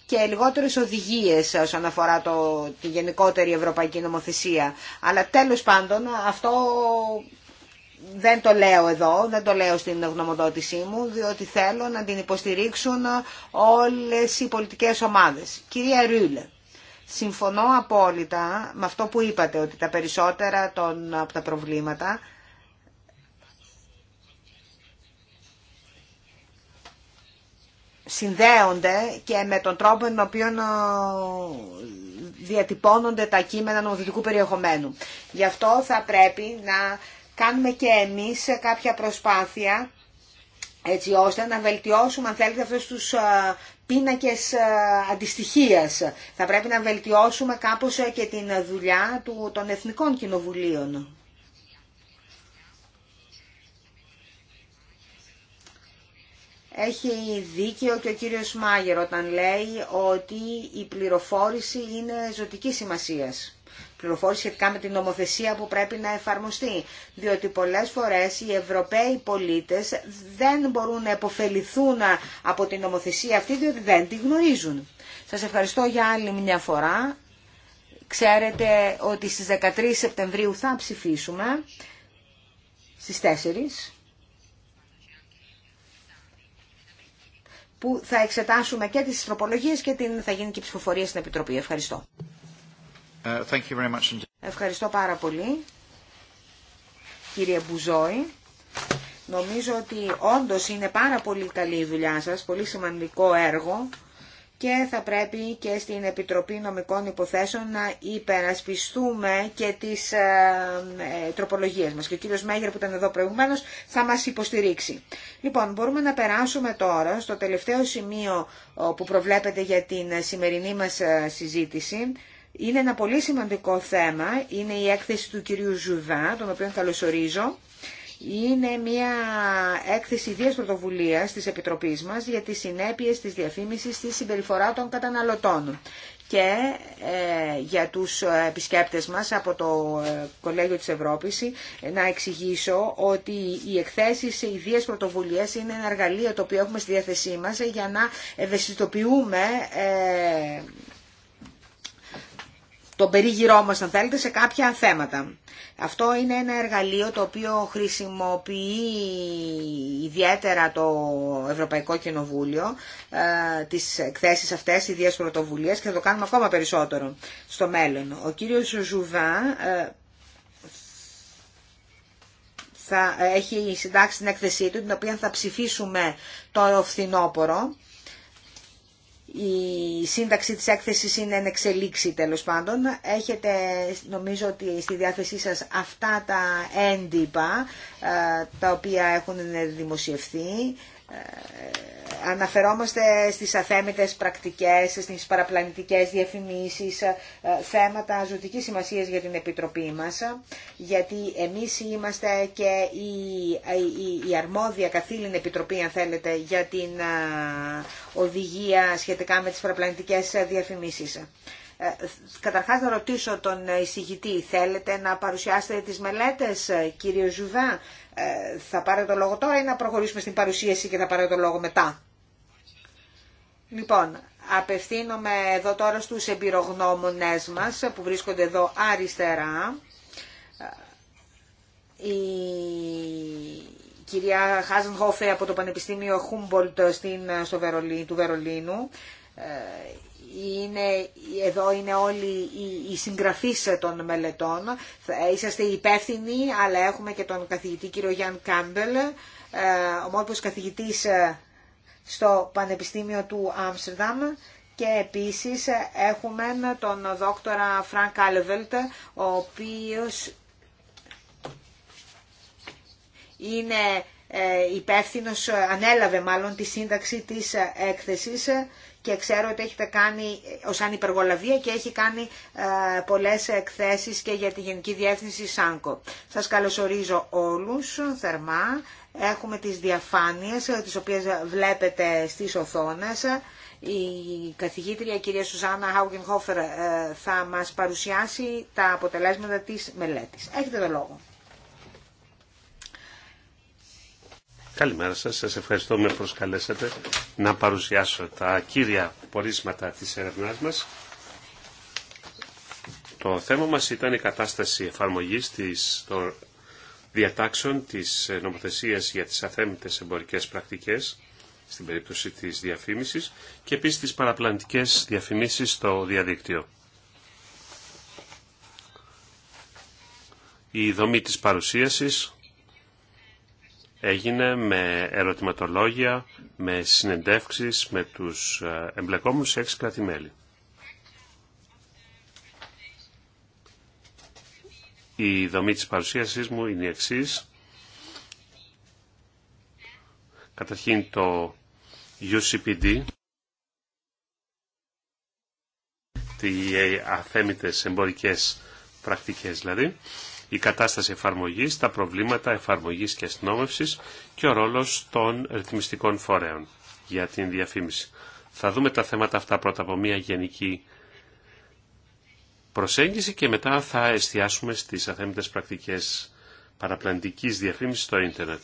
και λιγότερες οδηγίες όσον αφορά το, τη γενικότερη ευρωπαϊκή νομοθεσία. Αλλά τέλος πάντων αυτό δεν το λέω εδώ, δεν το λέω στην γνωμοδότησή μου, διότι θέλω να την υποστηρίξουν όλες οι πολιτικές ομάδες. Κυρία Ρούλε, συμφωνώ απόλυτα με αυτό που είπατε, ότι τα περισσότερα από τα προβλήματα συνδέονται και με τον τρόπο με τον οποίο ε, διατυπώνονται τα κείμενα νομοθετικού περιεχομένου. Γι' αυτό θα πρέπει να κάνουμε και εμείς κάποια προσπάθεια έτσι ώστε να βελτιώσουμε αν θέλετε αυτούς τους ε, πίνακες ε, αντιστοιχίας. Θα πρέπει να βελτιώσουμε κάπως και την δουλειά του, των εθνικών κοινοβουλίων. Έχει δίκιο και ο κύριος Μάγερ όταν λέει ότι η πληροφόρηση είναι ζωτική σημασίας. Πληροφόρηση σχετικά με την νομοθεσία που πρέπει να εφαρμοστεί. Διότι πολλές φορές οι Ευρωπαίοι πολίτες δεν μπορούν να επωφεληθούν από την νομοθεσία αυτή διότι δεν τη γνωρίζουν. Σας ευχαριστώ για άλλη μια φορά. Ξέρετε ότι στις 13 Σεπτεμβρίου θα ψηφίσουμε, στις 4 που θα εξετάσουμε και τις τροπολογίες και την, θα γίνει και η ψηφοφορία στην Επιτροπή. Ευχαριστώ. Uh, Ευχαριστώ πάρα πολύ, κύριε Μπουζόη. Νομίζω ότι όντως είναι πάρα πολύ καλή η δουλειά σας, πολύ σημαντικό έργο και θα πρέπει και στην Επιτροπή Νομικών Υποθέσεων να υπερασπιστούμε και τις ε, ε, τροπολογίες μας. Και ο κύριος Μέγερ που ήταν εδώ προηγουμένως θα μας υποστηρίξει. Λοιπόν, μπορούμε να περάσουμε τώρα στο τελευταίο σημείο που προβλέπεται για την σημερινή μας ε, συζήτηση. Είναι ένα πολύ σημαντικό θέμα, είναι η έκθεση του κυρίου Ζουβά, τον οποίο καλωσορίζω είναι μια έκθεση ιδίας πρωτοβουλία της Επιτροπής μας για τι συνέπειε της διαφήμιση στη συμπεριφορά των καταναλωτών και ε, για τους επισκέπτες μας από το ε, Κολέγιο της Ευρώπης ε, να εξηγήσω ότι οι εκθέσεις ιδίας πρωτοβουλία είναι ένα εργαλείο το οποίο έχουμε στη διάθεσή μας για να ευαισθητοποιούμε τον περίγυρό μας, αν θέλετε, σε κάποια θέματα. Αυτό είναι ένα εργαλείο το οποίο χρησιμοποιεί ιδιαίτερα το Ευρωπαϊκό Κοινοβούλιο, ε, τις εκθέσεις αυτές, δύο πρωτοβουλίες και θα το κάνουμε ακόμα περισσότερο στο μέλλον. Ο κύριος Ζουβά ε, θα έχει συντάξει την έκθεσή του, την οποία θα ψηφίσουμε το φθινόπωρο η σύνταξη της έκθεσης είναι εν εξελίξη τέλος πάντων. Έχετε νομίζω ότι στη διάθεσή σας αυτά τα έντυπα ε, τα οποία έχουν δημοσιευθεί. Ε, αναφερόμαστε στις αθέμητες πρακτικές, στις παραπλανητικές διαφημίσεις, ε, θέματα ζωτικής σημασίας για την Επιτροπή μας, ε, γιατί εμείς είμαστε και η, η, αρμόδια καθήλυν Επιτροπή, αν θέλετε, για την οδηγία σχετικά με τις παραπλανητικές διαφημίσεις. Ε, καταρχάς να ρωτήσω τον εισηγητή, θέλετε να παρουσιάσετε τις μελέτες, ε, κύριο Ζουβά, ε, θα πάρετε το λόγο τώρα ή να προχωρήσουμε στην παρουσίαση και θα πάρετε το λόγο μετά. Λοιπόν, απευθύνομαι εδώ τώρα στους εμπειρογνώμονές μας που βρίσκονται εδώ αριστερά. Η κυρία Χάζενχόφε από το Πανεπιστήμιο Χούμπολτ στο του Βερολίνου, είναι, εδώ είναι όλοι οι, οι συγγραφείς των μελετών. Είσαστε υπεύθυνοι, αλλά έχουμε και τον καθηγητή κύριο Γιάνν Κάμπελ, ε, ομόρφος καθηγητής ε, στο Πανεπιστήμιο του Άμστερνταμ και επίσης ε, έχουμε τον δόκτορα Φρανκ Άλεβελτ, ο οποίος είναι υπεύθυνος, ανέλαβε μάλλον τη σύνταξη της έκθεσης και ξέρω ότι έχετε κάνει ε, ως ανυπεργολαβία και έχει κάνει ε, πολλές εκθέσεις και για τη Γενική Διεύθυνση ΣΑΝΚΟ. Σας καλωσορίζω όλους θερμά. Έχουμε τις διαφάνειες ε, τις οποίες βλέπετε στις οθόνες. Η καθηγήτρια κυρία Σουζάννα Χάουγενχόφερ ε, θα μας παρουσιάσει τα αποτελέσματα της μελέτης. Έχετε το λόγο. Καλημέρα σας, σας ευχαριστώ με προσκαλέσατε να παρουσιάσω τα κύρια πορίσματα της έρευνάς μας. Το θέμα μας ήταν η κατάσταση εφαρμογής της, των διατάξεων της νομοθεσίας για τις αθέμητες εμπορικές πρακτικές στην περίπτωση της διαφήμισης και επίσης τις παραπλανητικές διαφημίσεις στο διαδίκτυο. Η δομή της παρουσίασης έγινε με ερωτηματολόγια, με συνεντεύξεις με τους ε, εμπλεκόμενους σε έξι Η δομή της παρουσίασής μου είναι η εξής. Καταρχήν το UCPD, οι αθέμητες εμπορικές πρακτικές δηλαδή, η κατάσταση εφαρμογής, τα προβλήματα εφαρμογής και αστυνόμευσης και ο ρόλος των ρυθμιστικών φορέων για την διαφήμιση. Θα δούμε τα θέματα αυτά πρώτα από μια γενική προσέγγιση και μετά θα εστιάσουμε στις αθέμητες πρακτικές παραπλανητικής διαφήμισης στο ίντερνετ.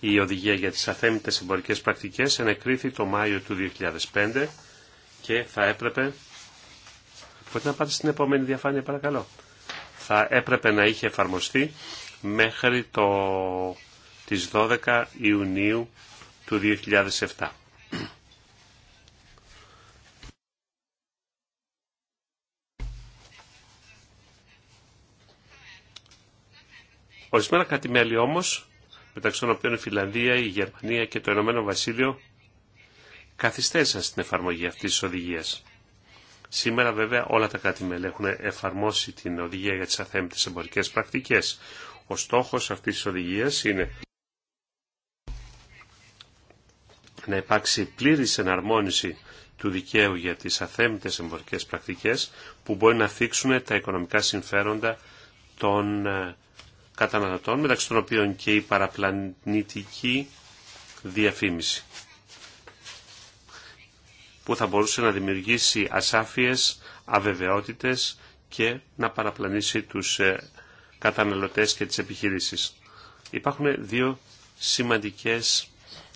Η οδηγία για τις αθέμητες εμπορικές πρακτικές ενεκρίθη το Μάιο του 2005 και θα έπρεπε Μπορείτε να πάτε στην επόμενη διαφάνεια παρακαλώ. Θα έπρεπε να είχε εφαρμοστεί μέχρι το, τις 12 Ιουνίου του 2007. Ορισμένα μέλη όμως, μεταξύ των οποίων η Φιλανδία, η Γερμανία και το Ηνωμένο Βασίλειο, καθυστέρησαν στην εφαρμογή αυτής τη οδηγία. Σήμερα βέβαια όλα τα κράτη-μέλη έχουν εφαρμόσει την οδηγία για τις αθέμητες εμπορικές πρακτικές. Ο στόχος αυτής της οδηγίας είναι να υπάρξει πλήρης εναρμόνιση του δικαίου για τις αθέμητες εμπορικές πρακτικές που μπορεί να θίξουν τα οικονομικά συμφέροντα των ε, καταναλωτών μεταξύ των οποίων και η παραπλανητική διαφήμιση που θα μπορούσε να δημιουργήσει ασάφειες, αβεβαιότητες και να παραπλανήσει τους ε, καταναλωτές και τις επιχειρήσεις. Υπάρχουν δύο σημαντικές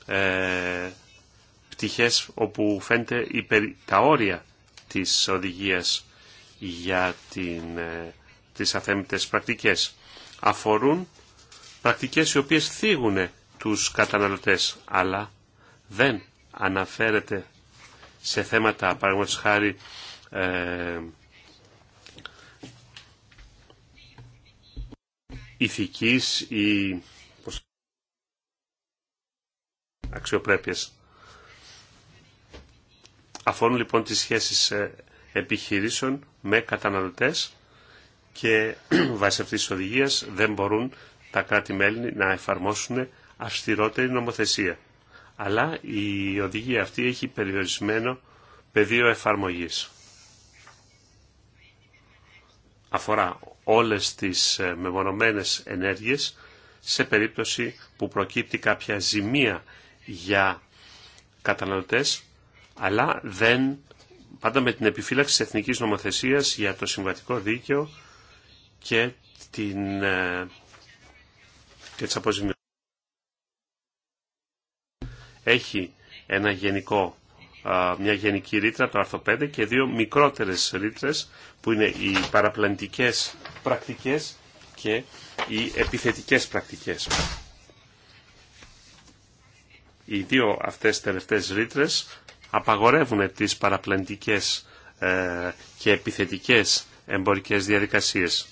ε, πτυχές όπου φαίνεται υπερ, τα όρια της οδηγίας για την, ε, τις αθέμητες πρακτικές. Αφορούν πρακτικές οι οποίες θίγουν τους καταναλωτές, αλλά δεν αναφέρεται σε θέματα παραγωγής χάρη ε, ηθικής ή αξιοπρέπειας. Αφορούν λοιπόν τις σχέσεις ε, επιχειρήσεων με καταναλωτές και βάσει αυτής της οδηγίας δεν μπορούν τα κράτη-μέλη να εφαρμόσουν αυστηρότερη νομοθεσία αλλά η οδηγία αυτή έχει περιορισμένο πεδίο εφαρμογής. Αφορά όλες τις ε, μεμονωμένες ενέργειες σε περίπτωση που προκύπτει κάποια ζημία για καταναλωτές, αλλά δεν πάντα με την επιφύλαξη της εθνικής νομοθεσίας για το συμβατικό δίκαιο και, την, ε, και τις αποζημιώσεις έχει ένα γενικό, μια γενική ρήτρα, το άρθρο 5, και δύο μικρότερες ρήτρες που είναι οι παραπλανητικές πρακτικές και οι επιθετικές πρακτικές. Οι δύο αυτές τελευταίες ρήτρες απαγορεύουν τις παραπλανητικές ε, και επιθετικές εμπορικές διαδικασίες.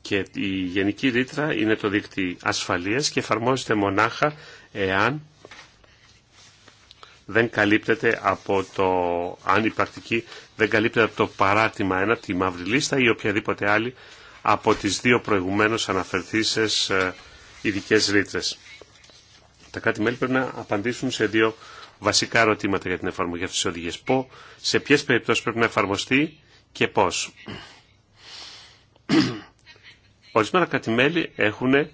Και η γενική ρήτρα είναι το δίκτυο ασφαλείας και εφαρμόζεται μονάχα εάν δεν καλύπτεται από το, αν δεν καλύπτεται από το παράτημα 1, τη μαύρη λίστα ή οποιαδήποτε άλλη από τις δύο προηγουμένως αναφερθήσεις ε, ειδικέ ρήτρε. Τα κάτι μελη πρέπει να απαντήσουν σε δύο βασικά ερωτήματα για την εφαρμογή αυτής της οδηγίας. Πώς, σε ποιες περιπτώσεις πρέπει να εφαρμοστεί και πώς. κάτι κράτη-μέλη έχουν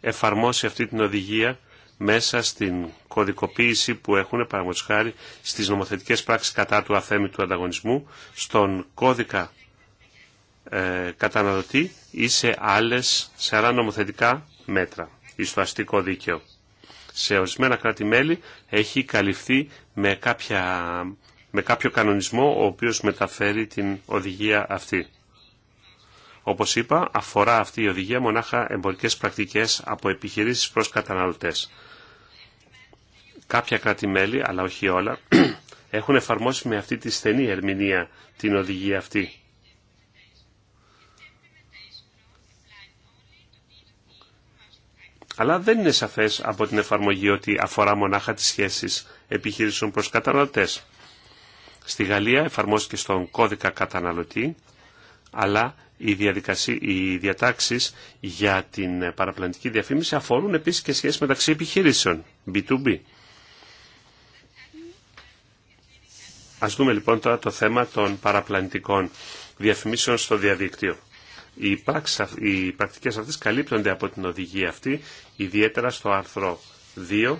εφαρμόσει αυτή την οδηγία μέσα στην κωδικοποίηση που έχουν, παραγωγή χάρη, στις νομοθετικές πράξεις κατά του του ανταγωνισμού, στον κώδικα ε, καταναλωτή ή σε άλλες, σε άλλα νομοθετικά μέτρα ή στο αστικό δίκαιο. Σε ορισμένα κράτη-μέλη έχει καλυφθεί με, κάποια, με κάποιο κανονισμό ο οποίος μεταφέρει την οδηγία αυτή. Όπως είπα, αφορά αυτή η οδηγία μονάχα εμπορικές πρακτικές από οδηγια μοναχα εμπορικες πρακτικες απο επιχειρησει προς καταναλωτές κάποια κράτη-μέλη, αλλά όχι όλα, έχουν εφαρμόσει με αυτή τη στενή ερμηνεία την οδηγία αυτή. Αλλά δεν είναι σαφές από την εφαρμογή ότι αφορά μονάχα τις σχέσεις επιχείρησεων προς καταναλωτές. Στη Γαλλία εφαρμόστηκε στον κώδικα καταναλωτή, αλλά οι, οι διατάξεις για την παραπλανητική διαφήμιση αφορούν επίσης και σχέσεις μεταξύ επιχείρησεων, B2B. Ας δούμε λοιπόν τώρα το θέμα των παραπλανητικών διαφημίσεων στο διαδίκτυο. Οι πρακτικές αυτές καλύπτονται από την οδηγία αυτή, ιδιαίτερα στο άρθρο 2,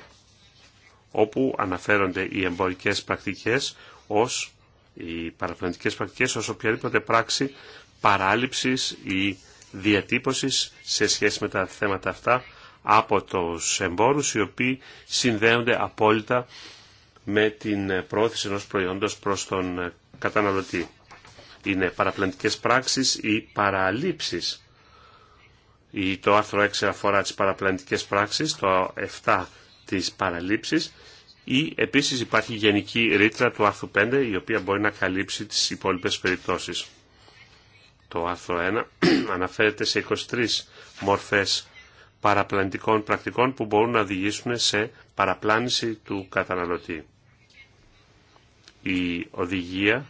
όπου αναφέρονται οι εμπορικές πρακτικές ως οι παραπλανητικές πρακτικές ως οποιαδήποτε πράξη παράληψης ή διατύπωσης σε σχέση με τα θέματα αυτά από τους εμπόρους οι οποίοι συνδέονται απόλυτα με την πρόθεση ενός προϊόντος προς τον καταναλωτή. Είναι παραπλανητικές πράξεις ή παραλήψεις. το άρθρο 6 αφορά τις παραπλανητικές πράξεις, το 7 τις παραλήψεις ή επίσης υπάρχει γενική ρήτρα του άρθρου 5 η οποία μπορεί να καλύψει τις υπόλοιπες περιπτώσεις. Το άρθρο 1 αναφέρεται σε 23 μορφές παραπλανητικών πρακτικών που μπορούν να οδηγήσουν σε παραπλάνηση του καταναλωτή η οδηγία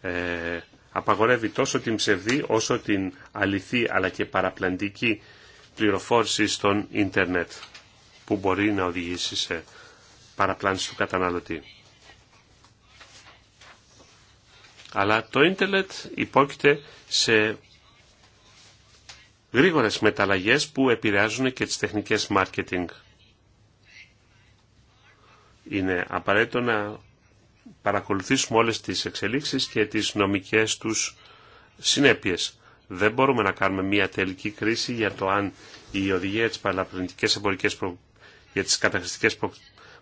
ε, απαγορεύει τόσο την ψευδή όσο την αληθή αλλά και παραπλαντική πληροφόρηση στον ίντερνετ που μπορεί να οδηγήσει σε παραπλάνηση του καταναλωτή. Αλλά το ίντερνετ υπόκειται σε γρήγορες μεταλλαγές που επηρεάζουν και τις τεχνικές μάρκετινγκ είναι απαραίτητο να παρακολουθήσουμε όλες τις εξελίξεις και τις νομικές τους συνέπειες. Δεν μπορούμε να κάνουμε μια τελική κρίση για το αν η οδηγία για τις καταχρηστικές προ...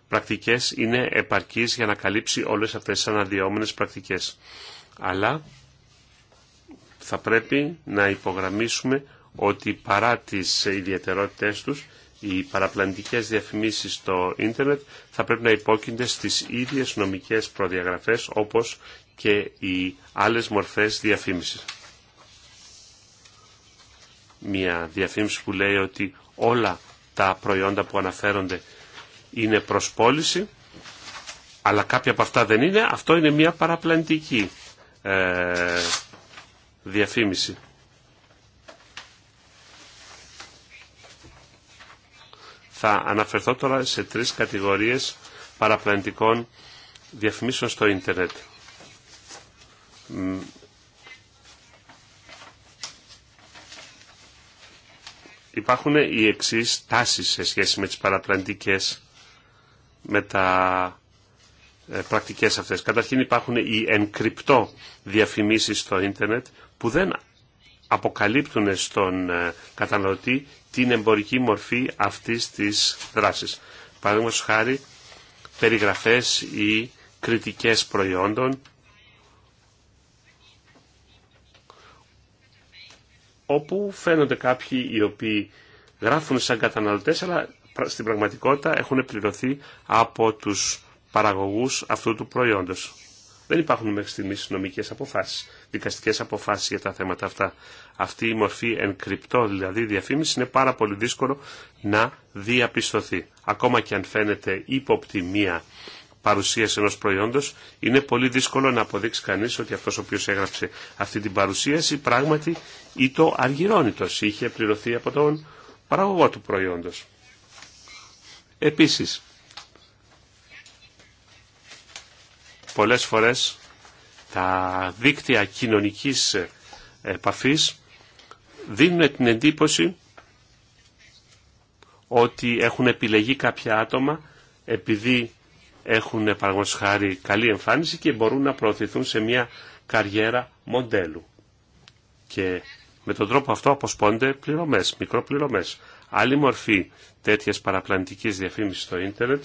πρακτικές είναι επαρκής για να καλύψει όλες αυτές τις αναδυόμενες πρακτικές. Αλλά θα πρέπει να υπογραμμίσουμε ότι παρά τις ιδιαιτερότητές τους οι παραπλανητικές διαφημίσεις στο ίντερνετ θα πρέπει να υπόκεινται στις ίδιες νομικές προδιαγραφές όπως και οι άλλες μορφές διαφήμισης. Μια διαφήμιση που λέει ότι όλα τα προϊόντα που αναφέρονται είναι προς πώληση, αλλά κάποια από αυτά δεν είναι, αυτό είναι μια παραπλανητική ε, διαφήμιση. Θα αναφερθώ τώρα σε τρεις κατηγορίες παραπλανητικών διαφημίσεων στο ίντερνετ. Υπάρχουν οι εξής τάσεις σε σχέση με τις παραπλανητικές, με τα ε, πρακτικές αυτές. Καταρχήν υπάρχουν οι ενκρυπτό διαφημίσεις στο ίντερνετ που δεν αποκαλύπτουν στον ε, καταναλωτή την εμπορική μορφή αυτής της δράσης. Παραδείγματο χάρη περιγραφές ή κριτικές προϊόντων όπου φαίνονται κάποιοι οι οποίοι γράφουν σαν καταναλωτές αλλά στην πραγματικότητα έχουν πληρωθεί από τους παραγωγούς αυτού του προϊόντος. Δεν υπάρχουν μέχρι στιγμή νομικέ αποφάσει, δικαστικέ αποφάσει για τα θέματα αυτά. Αυτή η μορφή εν κρυπτό, δηλαδή διαφήμιση, είναι πάρα πολύ δύσκολο να διαπιστωθεί. Ακόμα και αν φαίνεται ύποπτη μία παρουσίαση ενό προϊόντο, είναι πολύ δύσκολο να αποδείξει κανεί ότι αυτό ο οποίο έγραψε αυτή την παρουσίαση πράγματι ή το αργυρώνητο είχε πληρωθεί από τον παραγωγό του προϊόντο. Επίσης, Πολλές φορές τα δίκτυα κοινωνικής επαφής δίνουν την εντύπωση ότι έχουν επιλεγεί κάποια άτομα επειδή έχουν παραγωγός καλή εμφάνιση και μπορούν να προωθηθούν σε μια καριέρα μοντέλου. Και με τον τρόπο αυτό αποσπώνται πληρωμές, μικροπληρωμές. Άλλη μορφή τέτοιας παραπλανητικής διαφήμισης στο ίντερνετ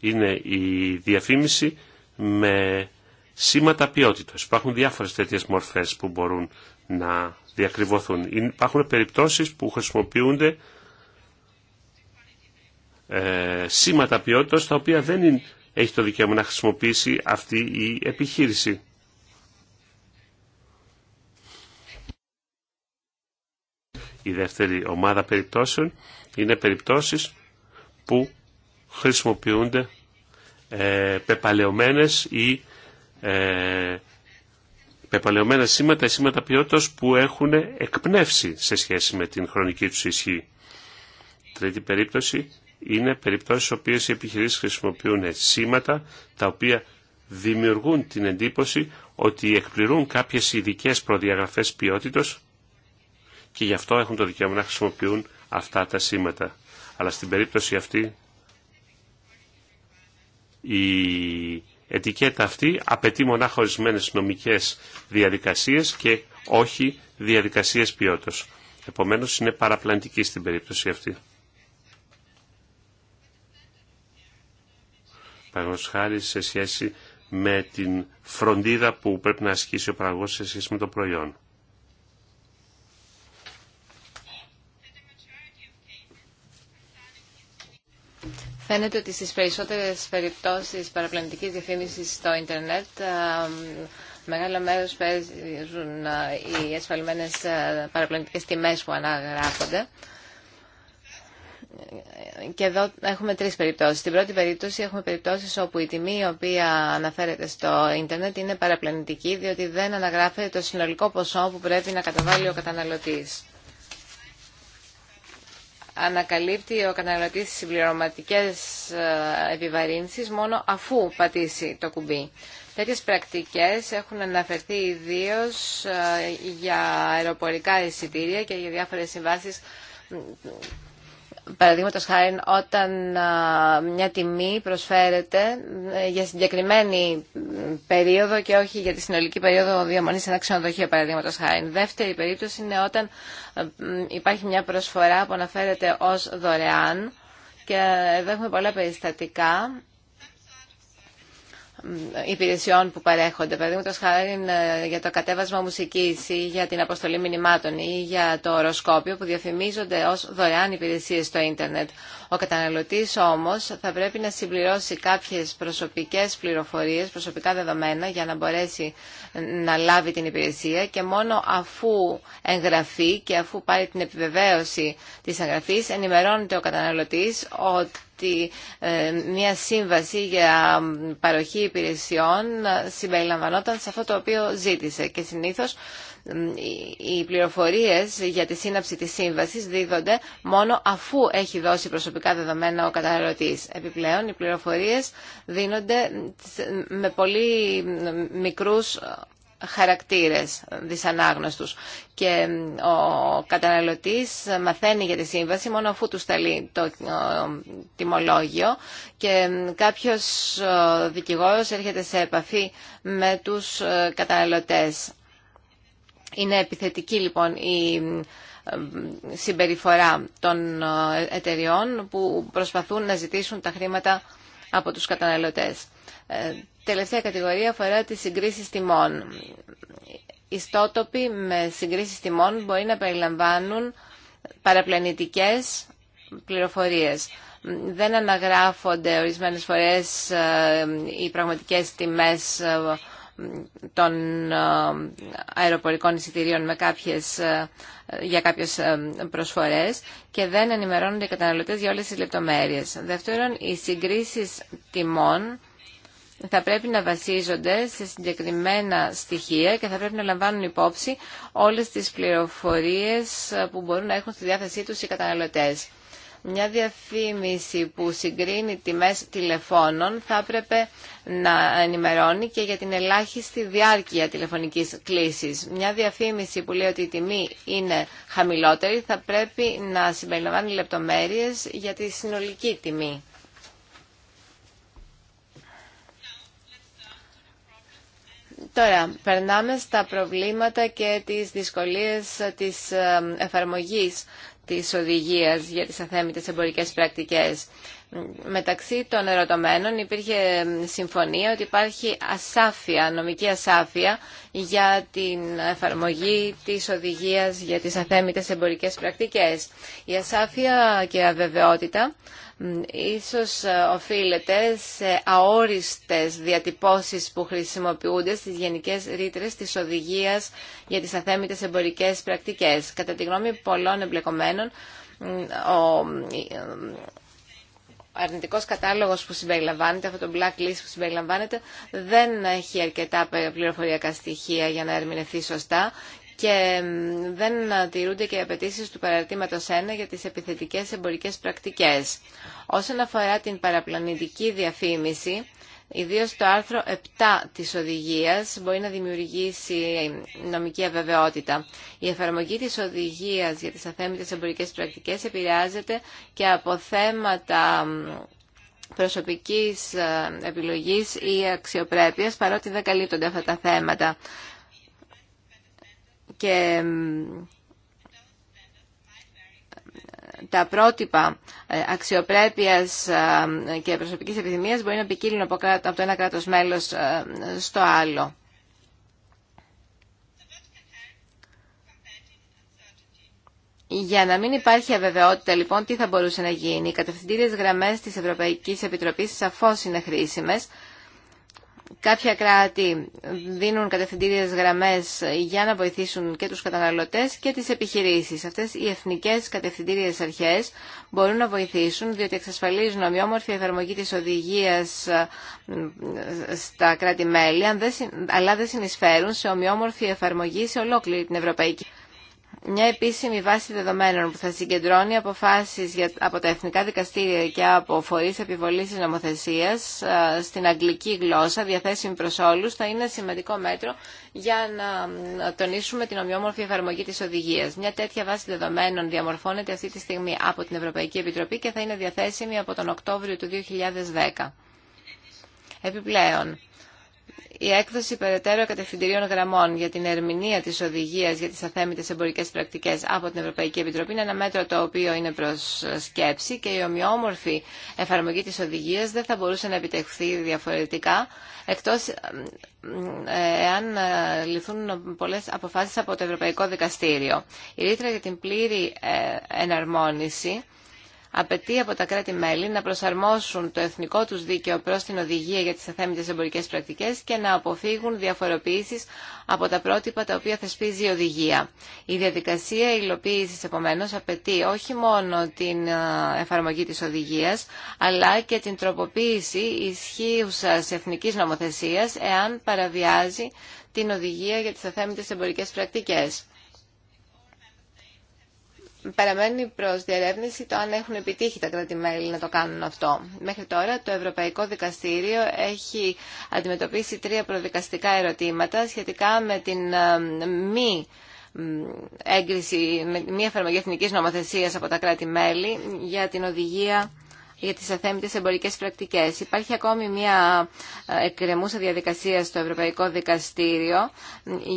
είναι η διαφήμιση με σήματα ποιότητας. Υπάρχουν διάφορες τέτοιες μορφές που μπορούν να διακριβωθούν. Υπάρχουν περιπτώσεις που χρησιμοποιούνται ε, σήματα ποιότητας τα οποία δεν είναι, έχει το δικαίωμα να χρησιμοποιήσει αυτή η επιχείρηση. Η δεύτερη ομάδα περιπτώσεων είναι περιπτώσεις που χρησιμοποιούνται ε, πεπαλαιωμένες ή ε, πεπαλαιωμένα σήματα ή σήματα ποιότητας που έχουν εκπνεύσει σε σχέση με την χρονική τους ισχύ. Τρίτη περίπτωση είναι περιπτώσεις οποίες οι επιχειρήσεις χρησιμοποιούν σήματα τα οποία δημιουργούν την εντύπωση ότι εκπληρούν κάποιες ειδικέ προδιαγραφές ποιότητος και γι' αυτό έχουν το δικαίωμα να χρησιμοποιούν αυτά τα σήματα. Αλλά στην περίπτωση αυτή η ετικέτα αυτή απαιτεί μονάχα ορισμένε νομικές διαδικασίες και όχι διαδικασίες ποιότητας. Επομένως είναι παραπλανητική στην περίπτωση αυτή. Παραγωγός χάρη σε σχέση με την φροντίδα που πρέπει να ασκήσει ο παραγωγός σε σχέση με το προϊόν. Φαίνεται ότι στις περισσότερες περιπτώσεις παραπλανητικής διαφήμισης στο ίντερνετ ε, μεγάλο μέρος παίζουν ε, οι ασφαλμένες ε, παραπλανητικές τιμές που αναγράφονται. Και εδώ έχουμε τρεις περιπτώσεις. Στην πρώτη περίπτωση έχουμε περιπτώσεις όπου η τιμή η οποία αναφέρεται στο ίντερνετ είναι παραπλανητική διότι δεν αναγράφεται το συνολικό ποσό που πρέπει να καταβάλει ο καταναλωτής ανακαλύπτει ο καταναλωτής συμπληρωματικές ε, επιβαρύνσεις μόνο αφού πατήσει το κουμπί. Τέτοιες πρακτικές έχουν αναφερθεί ιδίως ε, για αεροπορικά εισιτήρια και για διάφορες συμβάσεις Παραδείγματος χάρη όταν μια τιμή προσφέρεται ε, για συγκεκριμένη περίοδο και όχι για τη συνολική περίοδο διαμονής σε ένα ξενοδοχείο παραδείγματος χάρη. Δεύτερη περίπτωση είναι όταν ε, υπάρχει μια προσφορά που αναφέρεται ως δωρεάν και ε, εδώ έχουμε πολλά περιστατικά υπηρεσιών που παρέχονται. Παραδείγματο χάρη ε, για το κατέβασμα μουσική ή για την αποστολή μηνυμάτων ή για το οροσκόπιο που διαφημίζονται ω δωρεάν υπηρεσίε στο ίντερνετ. Ο καταναλωτής όμως θα πρέπει να συμπληρώσει κάποιες προσωπικές πληροφορίες, προσωπικά δεδομένα για να μπορέσει να λάβει την υπηρεσία και μόνο αφού εγγραφεί και αφού πάρει την επιβεβαίωση της εγγραφής ενημερώνεται ο καταναλωτής ότι ε, μια σύμβαση για παροχή υπηρεσιών ε, συμπεριλαμβανόταν σε αυτό το οποίο ζήτησε και συνήθως οι πληροφορίες για τη σύναψη της σύμβασης δίδονται μόνο αφού έχει δώσει προσωπικά δεδομένα ο καταναλωτής. Επιπλέον, οι πληροφορίες δίνονται με πολύ μικρούς χαρακτήρες δυσανάγνωστους και ο καταναλωτής μαθαίνει για τη σύμβαση μόνο αφού του σταλεί το τιμολόγιο και κάποιος δικηγόρος έρχεται σε επαφή με τους ε, καταναλωτές. Είναι επιθετική λοιπόν η συμπεριφορά των ε, εταιριών που προσπαθούν να ζητήσουν τα χρήματα από τους καταναλωτές. Ε, τελευταία κατηγορία αφορά τις συγκρίσεις τιμών. Ιστότοποι με συγκρίσεις τιμών μπορεί να περιλαμβάνουν παραπλανητικές πληροφορίες. Δεν αναγράφονται ορισμένες φορές ε, οι πραγματικές τιμές των ε, αεροπορικών εισιτηρίων ε, για κάποιες ε, προσφορές και δεν ενημερώνονται οι καταναλωτές για όλες τις λεπτομέρειες. Δεύτερον, οι συγκρίσεις τιμών θα πρέπει να βασίζονται σε συγκεκριμένα στοιχεία και θα πρέπει να λαμβάνουν υπόψη όλες τις πληροφορίες που μπορούν να έχουν στη διάθεσή τους οι καταναλωτές. Μια διαφήμιση που συγκρίνει τιμές τηλεφώνων θα έπρεπε να ενημερώνει και για την ελάχιστη διάρκεια τηλεφωνικής κλήσης. Μια διαφήμιση που λέει ότι η τιμή είναι χαμηλότερη θα πρέπει να συμπεριλαμβάνει λεπτομέρειες για τη συνολική τιμή. Τώρα, περνάμε στα προβλήματα και τις δυσκολίες της ε, εφαρμογής της οδηγίας για τις αθέμητες εμπορικές πρακτικές μεταξύ των ερωτωμένων υπήρχε συμφωνία ότι υπάρχει ασάφεια, νομική ασάφεια για την εφαρμογή της οδηγίας για τις αθέμητες εμπορικές πρακτικές. Η ασάφεια και η αβεβαιότητα ίσως ε, οφείλεται σε αόριστες διατυπώσεις που χρησιμοποιούνται στις γενικές ρήτρες της οδηγίας για τις αθέμητες εμπορικές πρακτικές. Κατά τη γνώμη πολλών εμπλεκομένων, αρνητικός κατάλογος που συμπεριλαμβάνεται, αυτό το black που συμπεριλαμβάνεται, δεν έχει αρκετά πληροφοριακά στοιχεία για να ερμηνευθεί σωστά και δεν τηρούνται και οι απαιτήσει του παραρτήματος 1 για τις επιθετικές εμπορικές πρακτικές. Όσον αφορά την παραπλανητική διαφήμιση, Ιδίως το άρθρο 7 της οδηγίας μπορεί να δημιουργήσει νομική αβεβαιότητα. Η εφαρμογή της οδηγίας για τις αθέμητες εμπορικές πρακτικές επηρεάζεται και από θέματα προσωπικής ε, επιλογής ή αξιοπρέπειας, παρότι δεν καλύπτονται αυτά τα θέματα. Και τα πρότυπα ε, αξιοπρέπειας ε, και προσωπικής επιθυμίας μπορεί να επικύλουν από το ένα κράτος μέλος ε, στο άλλο. Για να μην υπάρχει αβεβαιότητα, λοιπόν, τι θα μπορούσε να γίνει. Οι κατευθυντήριες γραμμές της Ευρωπαϊκής Επιτροπής σαφώς είναι χρήσιμες, Κάποια κράτη δίνουν κατευθυντήριες γραμμές για να βοηθήσουν και τους καταναλωτές και τις επιχειρήσεις. Αυτές οι εθνικές κατευθυντήριες αρχές μπορούν να βοηθήσουν διότι εξασφαλίζουν ομοιόμορφη εφαρμογή της οδηγίας στα κράτη-μέλη αλλά δεν συνεισφέρουν σε ομοιόμορφη εφαρμογή σε ολόκληρη την Ευρωπαϊκή μια επίσημη βάση δεδομένων που θα συγκεντρώνει αποφάσεις από τα εθνικά δικαστήρια και από φορείς επιβολής της νομοθεσίας ε, στην αγγλική γλώσσα, διαθέσιμη προς όλους, θα είναι σημαντικό μέτρο για να τονίσουμε την ομοιόμορφη εφαρμογή της οδηγίας. Μια τέτοια βάση δεδομένων διαμορφώνεται αυτή τη στιγμή από την Ευρωπαϊκή Επιτροπή και θα είναι διαθέσιμη από τον Οκτώβριο του 2010. Επιπλέον, η έκδοση περαιτέρω κατευθυντηρίων γραμμών για την ερμηνεία της οδηγίας για τις αθέμητε εμπορικές πρακτικές από την Ευρωπαϊκή Επιτροπή είναι ένα μέτρο το οποίο είναι προ σκέψη και η ομοιόμορφη εφαρμογή της οδηγίας δεν θα μπορούσε να επιτευχθεί διαφορετικά εκτό ε, ε, εάν ε, ληφθούν πολλές αποφάσεις από το Ευρωπαϊκό Δικαστήριο. Η ρήτρα για την πλήρη εναρμόνιση απαιτεί από τα κράτη-μέλη να προσαρμόσουν το εθνικό τους δίκαιο προς την οδηγία για τις αθέμητες εμπορικές πρακτικές και να αποφύγουν διαφοροποίησεις από τα πρότυπα τα οποία θεσπίζει η οδηγία. Η διαδικασία υλοποίησης επομένως απαιτεί όχι μόνο την εφαρμογή της οδηγίας, αλλά και την τροποποίηση ισχύουσας εθνικής νομοθεσίας εάν παραβιάζει την οδηγία για τις αθέμητες εμπορικές πρακτικές παραμένει προ διερεύνηση το αν έχουν επιτύχει τα κράτη-μέλη να το κάνουν αυτό. Μέχρι τώρα το Ευρωπαϊκό Δικαστήριο έχει αντιμετωπίσει τρία προδικαστικά ερωτήματα σχετικά με την ε, μη έγκριση, με μη εφαρμογή εθνική νομοθεσίας από τα κράτη-μέλη για την οδηγία για τις αθέμητες εμπορικές πρακτικές. Υπάρχει ακόμη μια ε, εκκρεμούσα διαδικασία στο Ευρωπαϊκό Δικαστήριο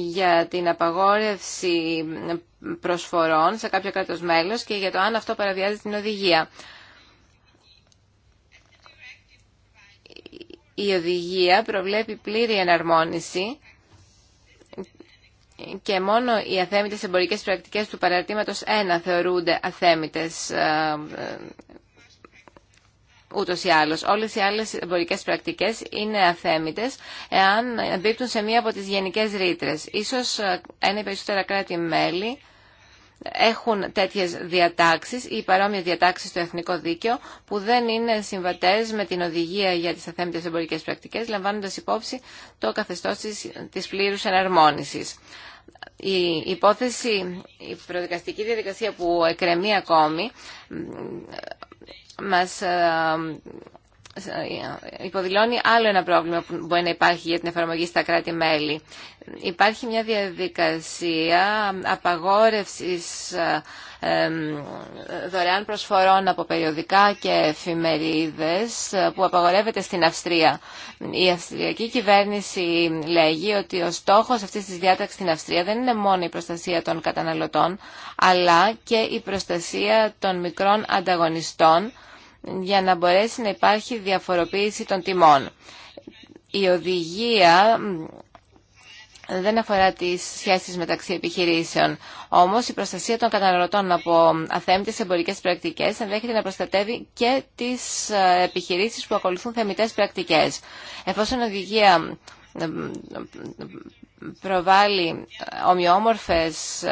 για την απαγόρευση προσφορών σε κάποιο κράτος μέλος και για το αν αυτό παραβιάζει την οδηγία. Η οδηγία προβλέπει πλήρη εναρμόνιση και μόνο οι αθέμητες εμπορικές πρακτικές του παραρτήματος 1 θεωρούνται αθέμητες ε, ε, ούτως ή άλλως. Όλες οι άλλες εμπορικέ πρακτικές είναι αθέμητε, εάν εμπίπτουν σε μία από τις γενικές ρήτρε. Ίσως ε, ένα ή περισσότερα κράτη-μέλη έχουν τέτοιες διατάξεις ή παρόμοιε διατάξει στο εθνικό δίκαιο που δεν είναι συμβατές με την οδηγία για τις αθέμητε εμπορικέ πρακτικές λαμβάνοντα υπόψη το καθεστώ τη πλήρου πλήρους Η υπόθεση, η προδικαστική διαδικασία που εκκρεμεί ακόμη μας ε, ε, υποδηλώνει άλλο ένα πρόβλημα που μπορεί να υπάρχει για την εφαρμογή στα κράτη-μέλη. Υπάρχει μια διαδικασία απαγόρευσης ε, δωρεάν προσφορών από περιοδικά και εφημερίδες που απαγορεύεται στην Αυστρία. Η αυστριακή κυβέρνηση λέγει ότι ο στόχος αυτής της διάταξης στην Αυστρία δεν είναι μόνο η προστασία των καταναλωτών, αλλά και η προστασία των μικρών ανταγωνιστών για να μπορέσει να υπάρχει διαφοροποίηση των τιμών. Η οδηγία δεν αφορά τις σχέσεις μεταξύ επιχειρήσεων. Όμως η προστασία των καταναλωτών από αθέμητες εμπορικές πρακτικές ενδέχεται να προστατεύει και τις επιχειρήσεις που ακολουθούν θεμητές πρακτικές. Εφόσον η οδηγία προβάλλει ομοιόμορφες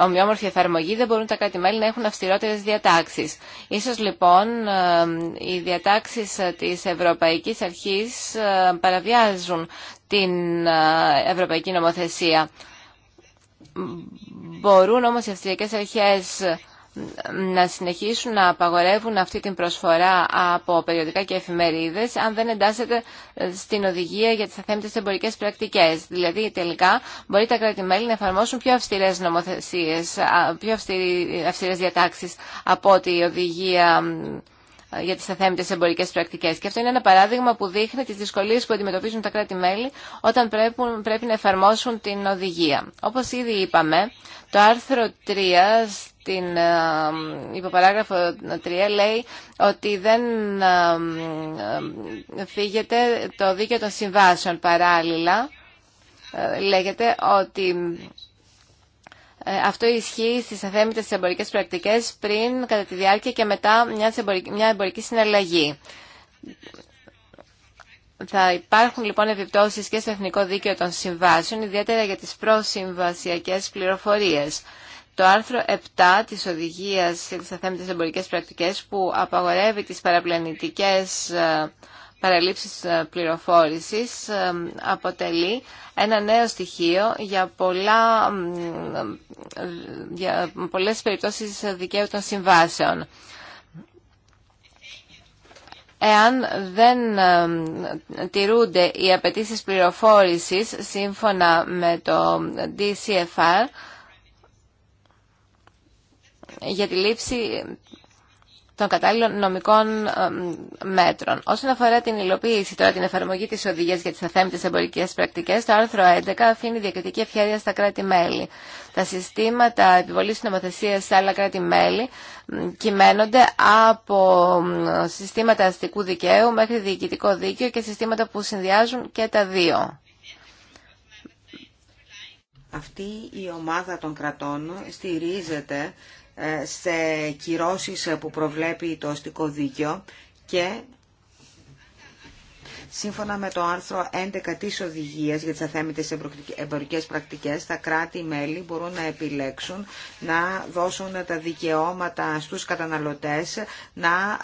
ομοιόμορφη εφαρμογή, δεν μπορούν τα κράτη-μέλη να έχουν αυστηρότερες διατάξεις. Ίσως λοιπόν ε, οι διατάξεις της Ευρωπαϊκής Αρχής ε, παραβιάζουν την ε, Ευρωπαϊκή Νομοθεσία. Μπορούν όμως οι αυστηριακές αρχές να συνεχίσουν να απαγορεύουν αυτή την προσφορά από περιοδικά και εφημερίδες αν δεν εντάσσεται στην οδηγία για τις αθέμητες εμπορικές πρακτικές. Δηλαδή τελικά μπορεί τα κράτη-μέλη να εφαρμόσουν πιο αυστηρές νομοθεσίες, πιο αυστηρές διατάξεις από ότι η οδηγία για τις αθέμητες εμπορικές πρακτικές. Και αυτό είναι ένα παράδειγμα που δείχνει τις δυσκολίες που αντιμετωπίζουν τα κράτη-μέλη όταν πρέπει να εφαρμόσουν την οδηγία. Όπως ήδη είπαμε, το άρθρο 3 την υποπαράγραφο ε, 3 λέει ότι δεν ε, ε, φύγεται το δίκαιο των συμβάσεων παράλληλα. Λέγεται ότι αυτό ισχύει στις αθέμητες εμπορικές πρακτικές πριν, κατά τη διάρκεια και μετά μια εμπορική, μια εμπορική συναλλαγή. Θα υπάρχουν λοιπόν επιπτώσεις και στο εθνικό δίκαιο των συμβάσεων, ιδιαίτερα για τις προσυμβασιακές πληροφορίες το άρθρο 7 της οδηγίας για τις αθέμητες εμπορικές πρακτικές που απαγορεύει τις παραπλανητικές ε, παραλήψεις ε, πληροφόρησης ε, αποτελεί ένα νέο στοιχείο για, πολλά, για πολλές περιπτώσεις δικαίου των συμβάσεων. Εάν δεν τηρούνται οι απαιτήσεις πληροφόρησης σύμφωνα με το DCFR, για τη λήψη των κατάλληλων νομικών μέτρων. Όσον αφορά την υλοποίηση τώρα την εφαρμογή της οδηγίας για τις αθέμητες εμπορικές πρακτικές, το άρθρο 11 αφήνει διακριτική ευχαίρεια στα κράτη-μέλη. Τα συστήματα επιβολής νομοθεσίας σε άλλα κράτη-μέλη κυμαίνονται από συστήματα αστικού δικαίου μέχρι διοικητικό δίκαιο και συστήματα που συνδυάζουν και τα δύο. Αυτή η ομάδα των κρατών στηρίζεται ε, σε κυρώσεις ε, που προβλέπει το οστικό δίκαιο και σύμφωνα με το άρθρο 11 της οδηγίας για τις αθέμητες εμπορικές πρακτικές, τα κράτη-μέλη μπορούν να επιλέξουν να δώσουν τα δικαιώματα στους καταναλωτές να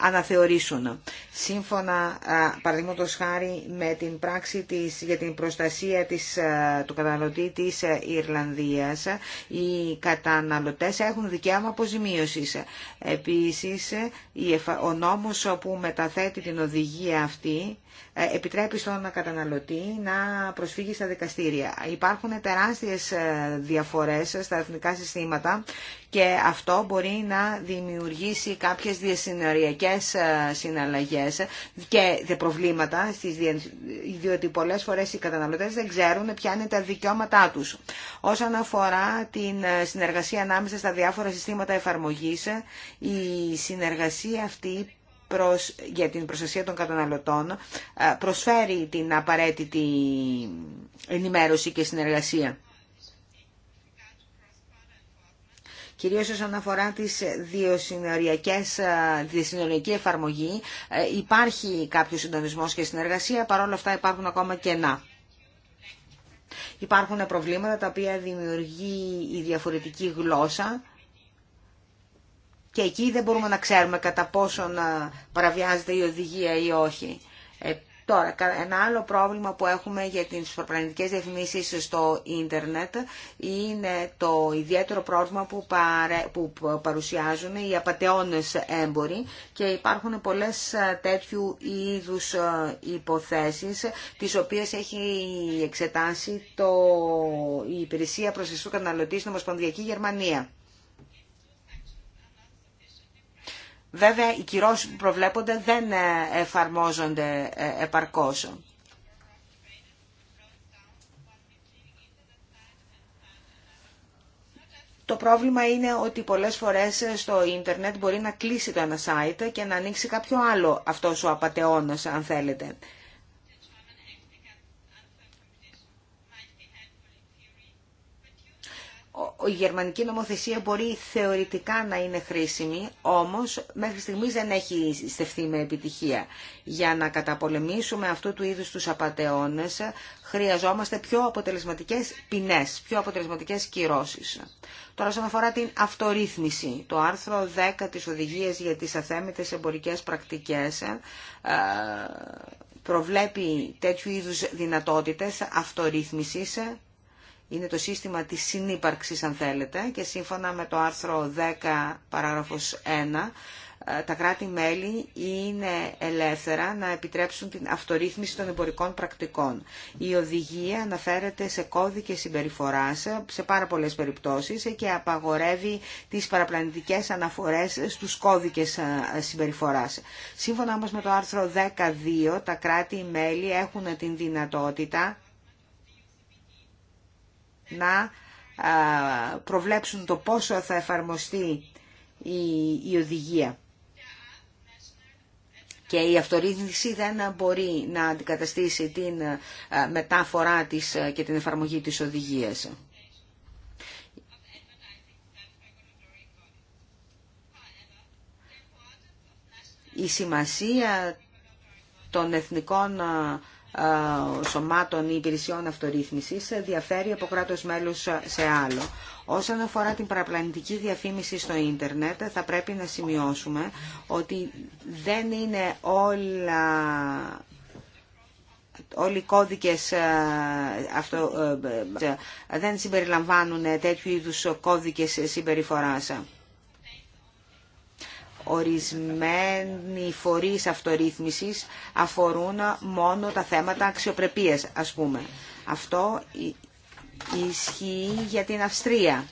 αναθεωρήσουν. Σύμφωνα, παραδείγματο χάρη, με την πράξη της, για την προστασία της, του καταναλωτή της ε, Ιρλανδίας, οι καταναλωτές έχουν δικαίωμα αποζημίωσης. Επίσης, ο νόμος που μεταθέτει την οδηγία αυτή ε, επιτρέπει στον καταναλωτή να προσφύγει στα δικαστήρια. Υπάρχουν τεράστιες ε, διαφορές στα εθνικά συστήματα και αυτό μπορεί να δημιουργήσει κάποιες διασυνοριακές ε, συναλλαγές και προβλήματα, διότι πολλές φορές οι καταναλωτές δεν ξέρουν ποια είναι τα δικαιώματά τους. Όσον αφορά την συνεργασία ανάμεσα στα διάφορα συστήματα εφαρμογής, η συνεργασία αυτή προς, για την προστασία των καταναλωτών προσφέρει την απαραίτητη ενημέρωση και συνεργασία. κυρίως όσον αφορά τις διοσυνοριακές, διοσυνοριακή εφαρμογή, υπάρχει κάποιο συντονισμό και συνεργασία, παρόλα αυτά υπάρχουν ακόμα κενά. Υπάρχουν προβλήματα τα οποία δημιουργεί η διαφορετική γλώσσα και εκεί δεν μπορούμε να ξέρουμε κατά πόσον ε, παραβιάζεται η οδηγία ή όχι. Ε, τώρα, ένα άλλο πρόβλημα που έχουμε για τις προπλανητικές διαφημίσεις στο ίντερνετ είναι το ιδιαίτερο πρόβλημα που, που παρουσιάζουν οι απαταιώνες έμποροι και υπάρχουν πολλές ε, τέτοιου είδους ε, υποθέσεις τις οποίες έχει εξετάσει το, η Υπηρεσία Προσεστού Καταναλωτή στην Γερμανία. Βέβαια, οι κυρώσεις που προβλέπονται δεν ε, εφαρμόζονται ε, επαρκώς. Το πρόβλημα είναι ότι πολλές φορές ε, στο ίντερνετ μπορεί να κλείσει το ένα site και να ανοίξει κάποιο άλλο αυτός ο απαταιώνας, αν θέλετε. η γερμανική νομοθεσία μπορεί θεωρητικά να είναι χρήσιμη, όμως μέχρι στιγμής δεν έχει στεφθεί με επιτυχία. Για να καταπολεμήσουμε αυτού του είδους τους απαταιώνες, χρειαζόμαστε πιο αποτελεσματικές ποινές, πιο αποτελεσματικές κυρώσεις. Τώρα, όσον αφορά την αυτορύθμιση, το άρθρο 10 της Οδηγίας για τις Αθέμητες Εμπορικές Πρακτικές ε, προβλέπει τέτοιου είδους δυνατότητες αυτορύθμισης είναι το σύστημα της συνύπαρξης αν θέλετε και σύμφωνα με το άρθρο 10 παράγραφος 1 ε, τα κράτη-μέλη είναι ελεύθερα να επιτρέψουν την αυτορύθμιση των εμπορικών πρακτικών. Η οδηγία αναφέρεται σε κώδικες συμπεριφοράς σε πάρα πολλές περιπτώσεις και απαγορεύει τις παραπλανητικές αναφορές στους κώδικες ε, συμπεριφοράς. Σύμφωνα όμως με το άρθρο 12, τα κράτη-μέλη έχουν την δυνατότητα να προβλέψουν το πόσο θα εφαρμοστεί η, οδηγία. Και η αυτορύθμιση δεν μπορεί να αντικαταστήσει την μετάφορά της και την εφαρμογή της οδηγίας. Η σημασία των εθνικών σωμάτων ή υπηρεσιών αυτορύθμισης ε, διαφέρει από κράτος μέλους σε άλλο. Όσον αφορά την παραπλανητική διαφήμιση στο ίντερνετ, θα πρέπει να σημειώσουμε ότι δεν είναι όλα όλοι οι κώδικες ε, αυτό, ε, δεν συμπεριλαμβάνουν τέτοιου είδους κώδικες συμπεριφοράς. Ορισμένοι φορείς αυτορύθμισης αφορούν μόνο τα θέματα αξιοπρεπίας, ας πούμε. Αυτό ισχύει για την Αυστρία,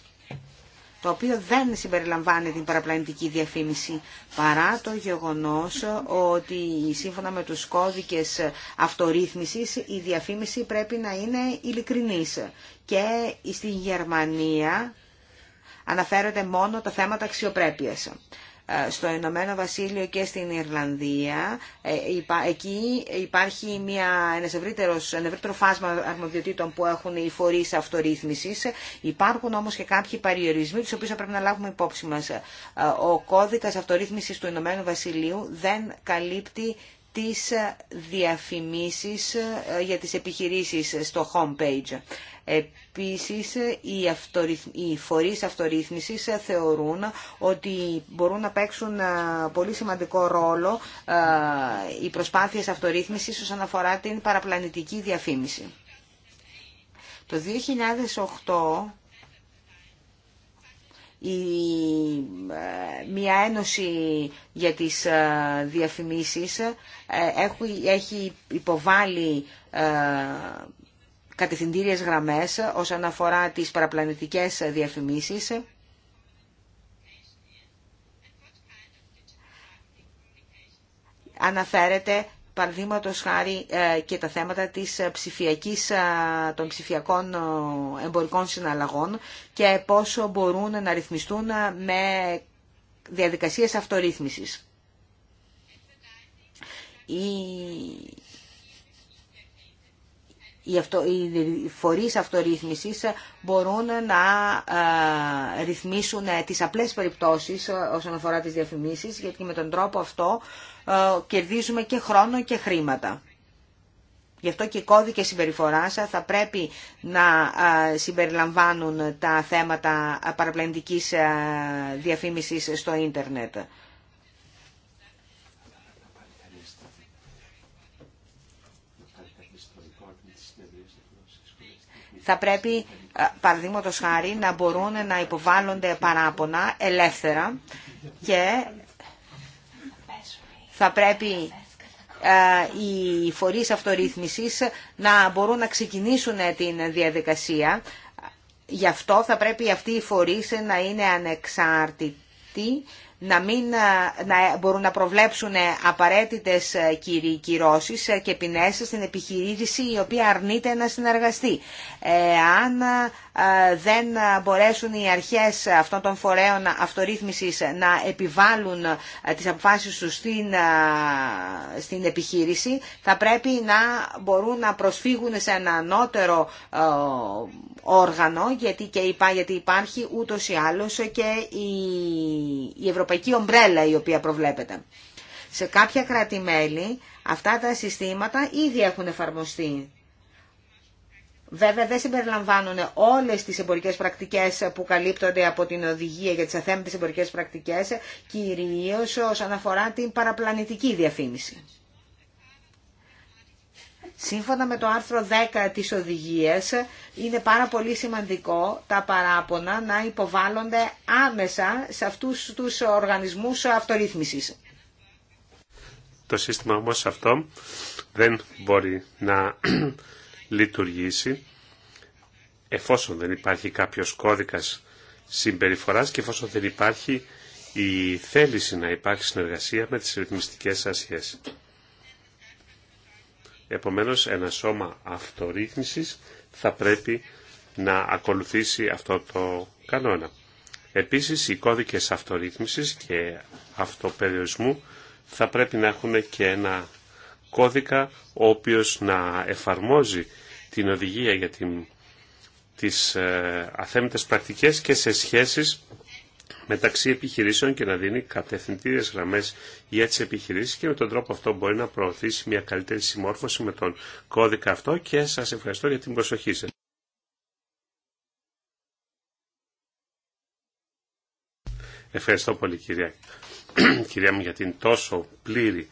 το οποίο δεν συμπεριλαμβάνει την παραπλανητική διαφήμιση, παρά το γεγονός ότι σύμφωνα με τους κώδικες αυτορύθμισης η διαφήμιση πρέπει να είναι ειλικρινής. Και στην Γερμανία αναφέρονται μόνο τα θέματα αξιοπρέπειας. Ε, στο Ηνωμένο Βασίλειο και στην Ιρλανδία. Ε, εκεί υπάρχει μια, ένας ευρύτερος, ένα ευρύτερο φάσμα αρμοδιοτήτων που έχουν οι φορεί αυτορύθμιση. Υπάρχουν όμως και κάποιοι περιορισμοί, του οποίους πρέπει να λάβουμε υπόψη μας. Ε, ο κώδικας αυτορύθμισης του Ηνωμένου Βασιλείου δεν καλύπτει τις ε, διαφημίσεις ε, για τις επιχειρήσεις στο homepage. Επίσης, οι, οι φορείς αυτορύθμισης ε, θεωρούν ότι μπορούν να παίξουν πολύ σημαντικό ρόλο οι προσπάθειες αυτορύθμισης όσον αφορά την παραπλανητική διαφήμιση. Το 2008 ε, μια ένωση για τις ε, διαφημίσεις ε, έχει υποβάλει κατευθυντήριες γραμμές όσον αφορά τις παραπλανητικές διαφημίσεις. Αναφέρεται παραδείγματο χάρη ε, και τα θέματα της ε, ψηφιακής, ε, των ψηφιακών εμπορικών συναλλαγών και πόσο μπορούν να ρυθμιστούν με διαδικασίες αυτορύθμισης. Η οι, αυτο, οι φορείς αυτορύθμισης μπορούν να ε, ρυθμίσουν ε, τις απλές περιπτώσεις ε, όσον αφορά τις διαφημίσεις, γιατί με τον τρόπο αυτό κερδίζουμε και χρόνο και χρήματα. Γι' αυτό και οι κώδικες συμπεριφοράς θα πρέπει να συμπεριλαμβάνουν τα θέματα παραπλανητικής διαφήμισης στο ίντερνετ. θα πρέπει ε, παραδείγματο χάρη να μπορούν να υποβάλλονται παράπονα ελεύθερα και θα πρέπει ε, οι φορείς αυτορύθμισης να μπορούν να ξεκινήσουν την διαδικασία. Γι' αυτό θα πρέπει αυτοί οι φορείς να είναι ανεξάρτητοι να μην ε, να ε, μπορούν να προβλέψουν απαραίτητες ε, κυρώσεις και ποινές στην επιχειρήση η οποία αρνείται να συνεργαστεί. Αν δεν μπορέσουν οι αρχές αυτών των φορέων αυτορύθμισης να επιβάλλουν τις αποφάσεις τους στην, στην επιχείρηση, θα πρέπει να μπορούν να προσφύγουν σε ένα ανώτερο όργανο, γιατί, και γιατί υπάρχει ούτως ή άλλως και η, η Ευρωπαϊκή ευρωπαϊκή ομπρέλα η οποία προβλέπεται. Σε κάποια κράτη-μέλη αυτά τα συστήματα ήδη έχουν εφαρμοστεί. Βέβαια δεν συμπεριλαμβάνουν όλες τις εμπορικές πρακτικές που καλύπτονται από την οδηγία για τις αθέμητες εμπορικές πρακτικές, κυρίως όσον αφορά την παραπλανητική διαφήμιση. Σύμφωνα με το άρθρο 10 της οδηγίας, είναι πάρα πολύ σημαντικό τα παράπονα να υποβάλλονται άμεσα σε αυτούς τους οργανισμούς αυτορύθμισης. Το σύστημα όμως αυτό δεν μπορεί να λειτουργήσει εφόσον δεν υπάρχει κάποιος κώδικας συμπεριφοράς και εφόσον δεν υπάρχει η θέληση να υπάρχει συνεργασία με τις ρυθμιστικές ασχέσεις. Επομένως ένα σώμα αυτορύθμισης θα πρέπει να ακολουθήσει αυτό το κανόνα. Επίσης οι κώδικες αυτορύθμισης και αυτοπεριορισμού θα πρέπει να έχουν και ένα κώδικα ο οποίος να εφαρμόζει την οδηγία για την, τις ε, αθέμητες πρακτικές και σε σχέσεις μεταξύ επιχειρήσεων και να δίνει κατευθυντήριε γραμμέ για τι επιχειρήσει και με τον τρόπο αυτό μπορεί να προωθήσει μια καλύτερη συμμόρφωση με τον κώδικα αυτό και σα ευχαριστώ για την προσοχή σα. Ευχαριστώ πολύ κυρία, κυρία μου για την τόσο πλήρη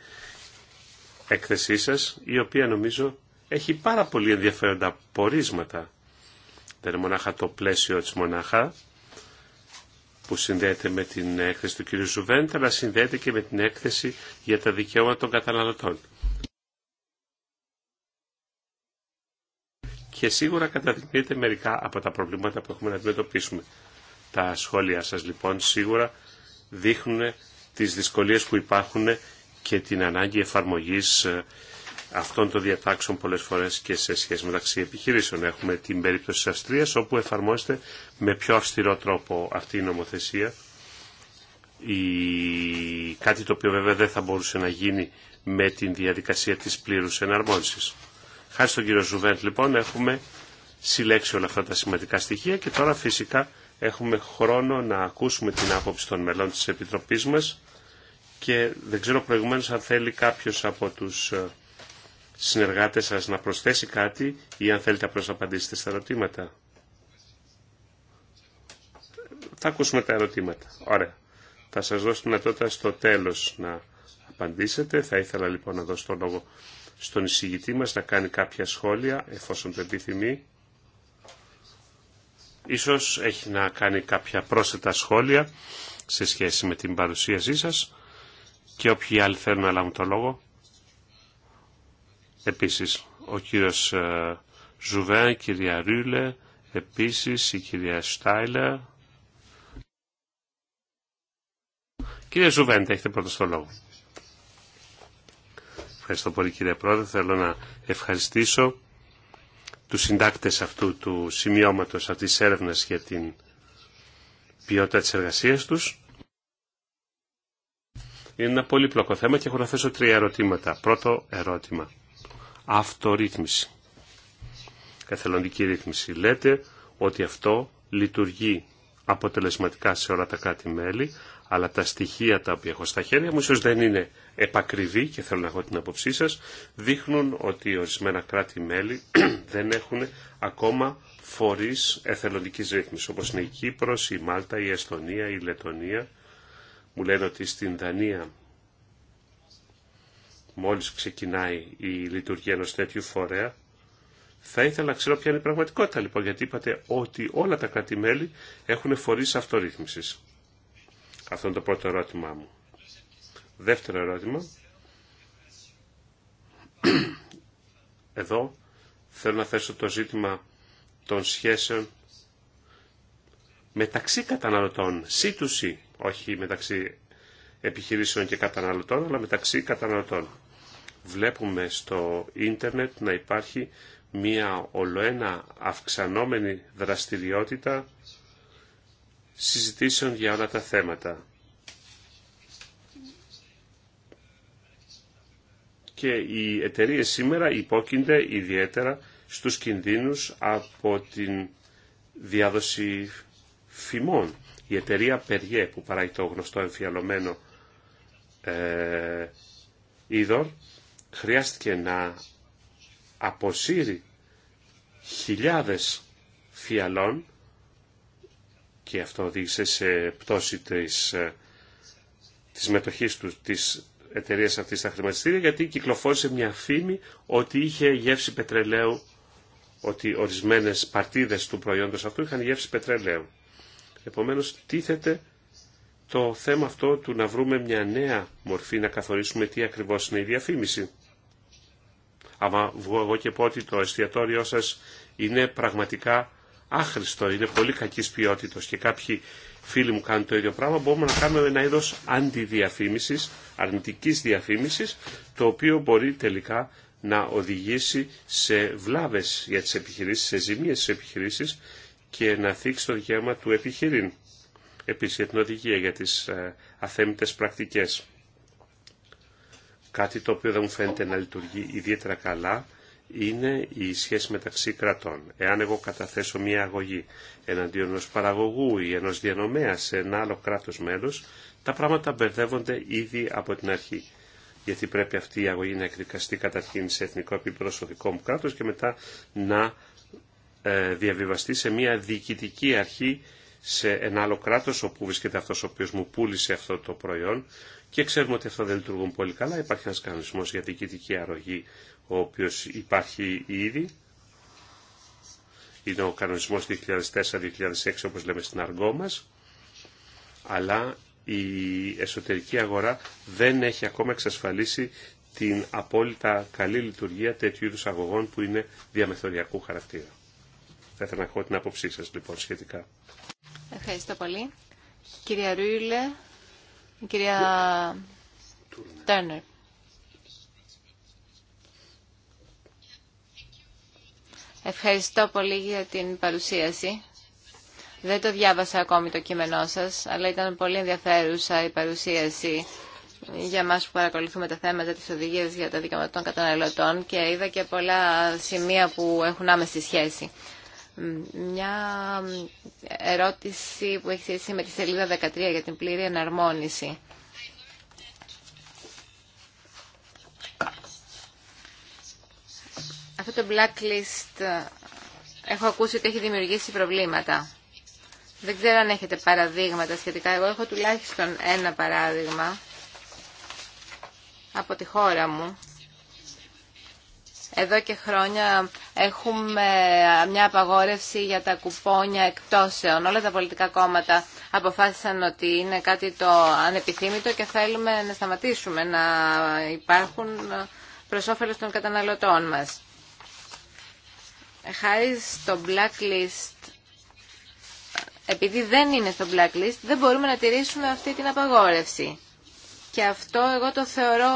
έκθεσή σας, η οποία νομίζω έχει πάρα πολύ ενδιαφέροντα πορίσματα. Δεν είναι μονάχα το πλαίσιο της μονάχα, που συνδέεται με την έκθεση του κ. Ζουβέντα, αλλά συνδέεται και με την έκθεση για τα δικαιώματα των καταναλωτών. Και σίγουρα καταδεικνύεται μερικά από τα προβλήματα που έχουμε να αντιμετωπίσουμε. Τα σχόλια σας λοιπόν σίγουρα δείχνουν τις δυσκολίες που υπάρχουν και την ανάγκη εφαρμογής ε, Αυτόν των διατάξουν πολλές φορές και σε σχέση μεταξύ επιχειρήσεων. Έχουμε την περίπτωση της Αυστρίας όπου εφαρμόζεται με πιο αυστηρό τρόπο αυτή η νομοθεσία. Η... Κάτι το οποίο βέβαια δεν θα μπορούσε να γίνει με την διαδικασία της πλήρους εναρμόνσης. Χάρη στον κύριο Ζουβέντ λοιπόν έχουμε συλλέξει όλα αυτά τα σημαντικά στοιχεία και τώρα φυσικά έχουμε χρόνο να ακούσουμε την άποψη των μελών της Επιτροπής μας και δεν ξέρω προηγουμένως αν θέλει κάποιος από τους ε, συνεργάτες σας να προσθέσει κάτι ή αν θέλετε απλώ να απαντήσετε στα ερωτήματα. Θα ακούσουμε τα ερωτήματα. Ωραία. Θα σας δώσω τη δυνατότητα στο τέλος να απαντήσετε. Θα ήθελα λοιπόν να δώσω το λόγο στον εισηγητή μας να κάνει κάποια σχόλια εφόσον το επιθυμεί. Ίσως έχει να κάνει κάποια πρόσθετα σχόλια σε σχέση με την παρουσίασή σας και όποιοι άλλοι θέλουν να λάβουν το λόγο Επίσης, ο κύριος ε, Ζουβέν, η κυρία Ρούλε, επίσης η κυρία Στάιλερ. Κύριε Ζουβέν, έχετε πρώτο στο λόγο. Ευχαριστώ πολύ κύριε Πρόεδρε. Θέλω να ευχαριστήσω τους συντάκτες αυτού του σημειώματος αυτής της έρευνας για την ποιότητα της εργασίας τους. Είναι ένα πολύπλοκο θέμα και έχω να θέσω τρία ερωτήματα. Πρώτο ερώτημα αυτορύθμιση. Εθελοντική ρύθμιση. Λέτε ότι αυτό λειτουργεί αποτελεσματικά σε όλα τα κάτι μελη αλλά τα στοιχεία τα οποία έχω στα χέρια μου, ίσως δεν είναι επακριβή και θέλω να έχω την απόψή σας, δείχνουν ότι ορισμένα κράτη-μέλη δεν έχουν ακόμα φορείς εθελοντικής ρύθμισης, όπως είναι η Κύπρος, η Μάλτα, η Εστονία, η Λετωνία. Μου λένε ότι στην Δανία μόλις ξεκινάει η λειτουργία ενός τέτοιου φορέα. Θα ήθελα να ξέρω ποια είναι η πραγματικότητα λοιπόν, γιατί είπατε ότι όλα τα κράτη-μέλη έχουν φορείς αυτορύθμισης. Αυτό είναι το πρώτο ερώτημά μου. Δεύτερο ερώτημα. Εδώ θέλω να θέσω το ζήτημα των σχέσεων μεταξύ καταναλωτών, του, όχι μεταξύ επιχειρήσεων και καταναλωτών, αλλά μεταξύ καταναλωτών βλέπουμε στο ίντερνετ να υπάρχει μία ολοένα αυξανόμενη δραστηριότητα συζητήσεων για όλα τα θέματα. Και οι εταιρείε σήμερα υπόκεινται ιδιαίτερα στους κινδύνους από την διάδοση φημών. Η εταιρεία Περιέ που παράγει το γνωστό εμφιαλωμένο ε, χρειάστηκε να αποσύρει χιλιάδες φιαλών και αυτό οδήγησε σε πτώση της, ε, της μετοχής του, της εταιρείας αυτής στα χρηματιστήρια, γιατί κυκλοφόρησε μια φήμη ότι είχε γεύση πετρελαίου, ότι ορισμένες παρτίδες του προϊόντος αυτού είχαν γεύση πετρελαίου. Επομένως, τίθεται το θέμα αυτό του να βρούμε μια νέα μορφή, να καθορίσουμε τι ακριβώς είναι η διαφήμιση άμα βγω εγώ και πω ότι το εστιατόριό σας είναι πραγματικά άχρηστο, είναι πολύ κακής ποιότητος και κάποιοι φίλοι μου κάνουν το ίδιο πράγμα, μπορούμε να κάνουμε ένα είδος αντιδιαφήμισης, αρνητικής διαφήμισης, το οποίο μπορεί τελικά να οδηγήσει σε βλάβες για τις επιχειρήσεις, σε ζημίες στις επιχειρήσεις και να θίξει το δικαίωμα του επιχειρήν. Επίσης για την οδηγία για τις ε, αθέμητες πρακτικές. Κάτι το οποίο δεν μου φαίνεται να λειτουργεί ιδιαίτερα καλά είναι η σχέση μεταξύ κρατών. Εάν εγώ καταθέσω μια αγωγή εναντίον ενός παραγωγού ή ενός διανομέα σε ένα άλλο κράτος μέλος, τα πράγματα μπερδεύονται ήδη από την αρχή. Γιατί πρέπει αυτή η αγωγή να εκδικαστεί καταρχήν σε εθνικό επίπεδο στο δικό μου κράτος και μετά να ε, διαβιβαστεί σε μια διοικητική αρχή σε ένα άλλο κράτος όπου βρίσκεται αυτός ο οποίος μου πούλησε αυτό το προϊόν και ξέρουμε ότι αυτά δεν λειτουργούν πολύ καλά. Υπάρχει ένας κανονισμός για διοικητική αρρωγή, ο οποίος υπάρχει ήδη. Είναι ο κανονισμός 2004-2006, όπως λέμε στην αργό μας. Αλλά η εσωτερική αγορά δεν έχει ακόμα εξασφαλίσει την απόλυτα καλή λειτουργία τέτοιου είδους αγωγών που είναι διαμεθοριακού χαρακτήρα. Θα ήθελα να έχω την άποψή σας λοιπόν σχετικά. Ευχαριστώ πολύ. Κυρία Ρούιλε, κυρία Τέρνερ. Ευχαριστώ πολύ για την παρουσίαση. Δεν το διάβασα ακόμη το κείμενό σας, αλλά ήταν πολύ ενδιαφέρουσα η παρουσίαση για μας που παρακολουθούμε τα θέματα της οδηγίας για τα δικαιώματα των καταναλωτών και είδα και πολλά σημεία που έχουν άμεση σχέση. Μια ερώτηση που έχει σχέση με τη σελίδα 13 για την πλήρη εναρμόνιση. Αυτό το blacklist έχω ακούσει ότι έχει δημιουργήσει προβλήματα. Δεν ξέρω αν έχετε παραδείγματα σχετικά. Εγώ έχω τουλάχιστον ένα παράδειγμα από τη χώρα μου. Εδώ και χρόνια έχουμε μια απαγόρευση για τα κουπόνια εκτόσεων. Όλα τα πολιτικά κόμματα αποφάσισαν ότι είναι κάτι το ανεπιθύμητο και θέλουμε να σταματήσουμε να υπάρχουν προς όφελος των καταναλωτών μας. Χάρη στο blacklist, επειδή δεν είναι στο blacklist, δεν μπορούμε να τηρήσουμε αυτή την απαγόρευση. Και αυτό εγώ το θεωρώ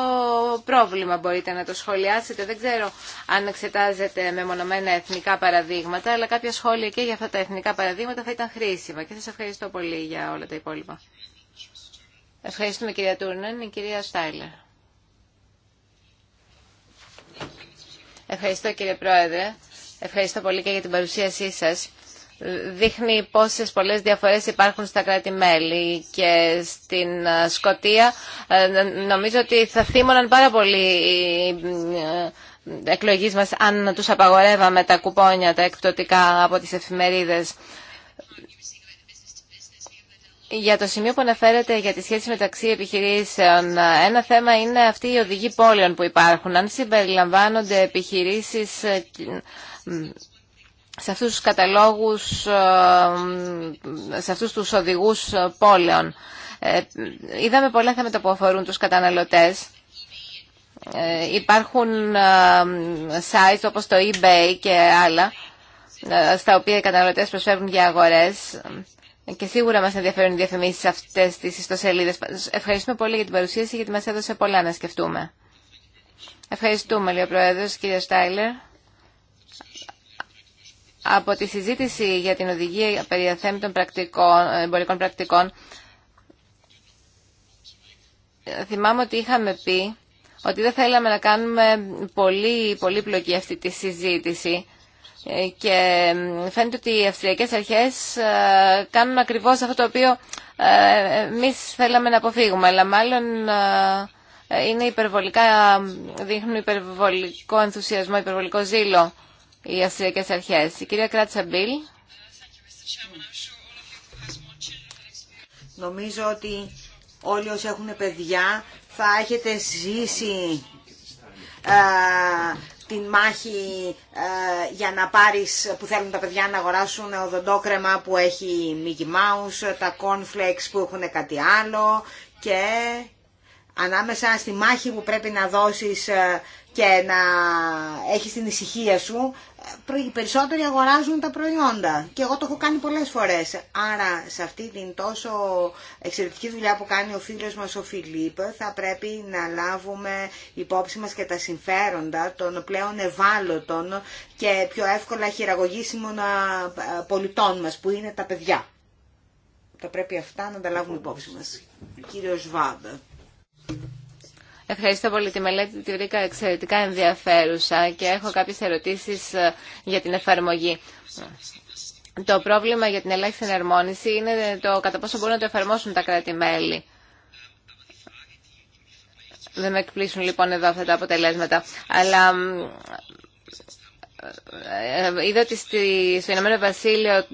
πρόβλημα, μπορείτε να το σχολιάσετε. Δεν ξέρω αν εξετάζετε με μονομένα εθνικά παραδείγματα, αλλά κάποια σχόλια και για αυτά τα εθνικά παραδείγματα θα ήταν χρήσιμα. Και σας ευχαριστώ πολύ για όλα τα υπόλοιπα. Ευχαριστούμε κυρία Τούρνεν, η κυρία Στάιλερ. Ευχαριστώ κύριε Πρόεδρε. Ευχαριστώ πολύ και για την παρουσίασή σας δείχνει πόσες πολλές διαφορές υπάρχουν στα κράτη-μέλη και στην ε, Σκοτία ε, νομίζω ότι θα θύμωναν πάρα πολύ ε, εκλογής μας αν τους απαγορεύαμε τα κουπόνια, τα εκπτωτικά από τις εφημερίδες. Για το σημείο που αναφέρεται για τη σχέση μεταξύ επιχειρήσεων, ένα θέμα είναι αυτοί οι οδηγοί πόλεων που υπάρχουν. Αν συμπεριλαμβάνονται επιχειρήσεις σε αυτούς τους καταλόγους, ε, σε αυτούς τους οδηγούς ε, πόλεων. Ε, είδαμε πολλά θέματα που αφορούν τους καταναλωτές. Υπάρχουν sites όπως το eBay και άλλα, στα οποία οι καταναλωτές προσφέρουν για αγορές. Και σίγουρα μας ενδιαφέρουν οι διαφημίσεις αυτές τις ιστοσελίδες. Ευχαριστούμε πολύ για την παρουσίαση γιατί μας έδωσε πολλά να σκεφτούμε. Ευχαριστούμε, λέει ο Πρόεδρος, κύριε Στάιλερ από τη συζήτηση για την οδηγία περί πρακτικών, εμπορικών πρακτικών, θυμάμαι ότι είχαμε πει ότι δεν θέλαμε να κάνουμε πολύ, πολύ πλοκή αυτή τη συζήτηση και φαίνεται ότι οι αυστριακές αρχές ε, κάνουν ακριβώς αυτό το οποίο ε, εμεί θέλαμε να αποφύγουμε, αλλά μάλλον ε, είναι υπερβολικά, δείχνουν υπερβολικό ενθουσιασμό, υπερβολικό ζήλο οι Αυστριακέ αρχέ. Η κυρία Κράτσα Μπίλ. Νομίζω ότι όλοι όσοι έχουν παιδιά θα έχετε ζήσει ε, την μάχη ε, για να πάρεις που θέλουν τα παιδιά να αγοράσουν οδοντόκρεμα που έχει Mickey Mouse, τα κόνφλεξ που έχουν κάτι άλλο και ανάμεσα στη μάχη που πρέπει να δώσεις ε, και να έχεις την ησυχία σου, ε, οι περισσότεροι αγοράζουν τα προϊόντα. Και εγώ το έχω κάνει πολλές φορές. Άρα σε αυτή την τόσο εξαιρετική δουλειά που κάνει ο φίλος μας ο Φιλίπ θα πρέπει να λάβουμε υπόψη μας και τα συμφέροντα των πλέον ευάλωτων και πιο εύκολα χειραγωγήσιμων ε, πολιτών μας που είναι τα παιδιά. Θα πρέπει αυτά να τα λάβουμε υπόψη μας. Κύριο Σβάμπ. Ευχαριστώ πολύ. Τη μελέτη τη βρήκα εξαιρετικά ενδιαφέρουσα και έχω κάποιες ερωτήσεις ε, για την εφαρμογή. Το πρόβλημα για την ελάχιστη εναρμόνιση είναι το κατά πόσο μπορούν να το εφαρμόσουν τα κράτη-μέλη. Δεν με εκπλήσουν λοιπόν εδώ αυτά τα αποτελέσματα. Αλλά ε, είδα ότι στο Ηνωμένο Βασίλειο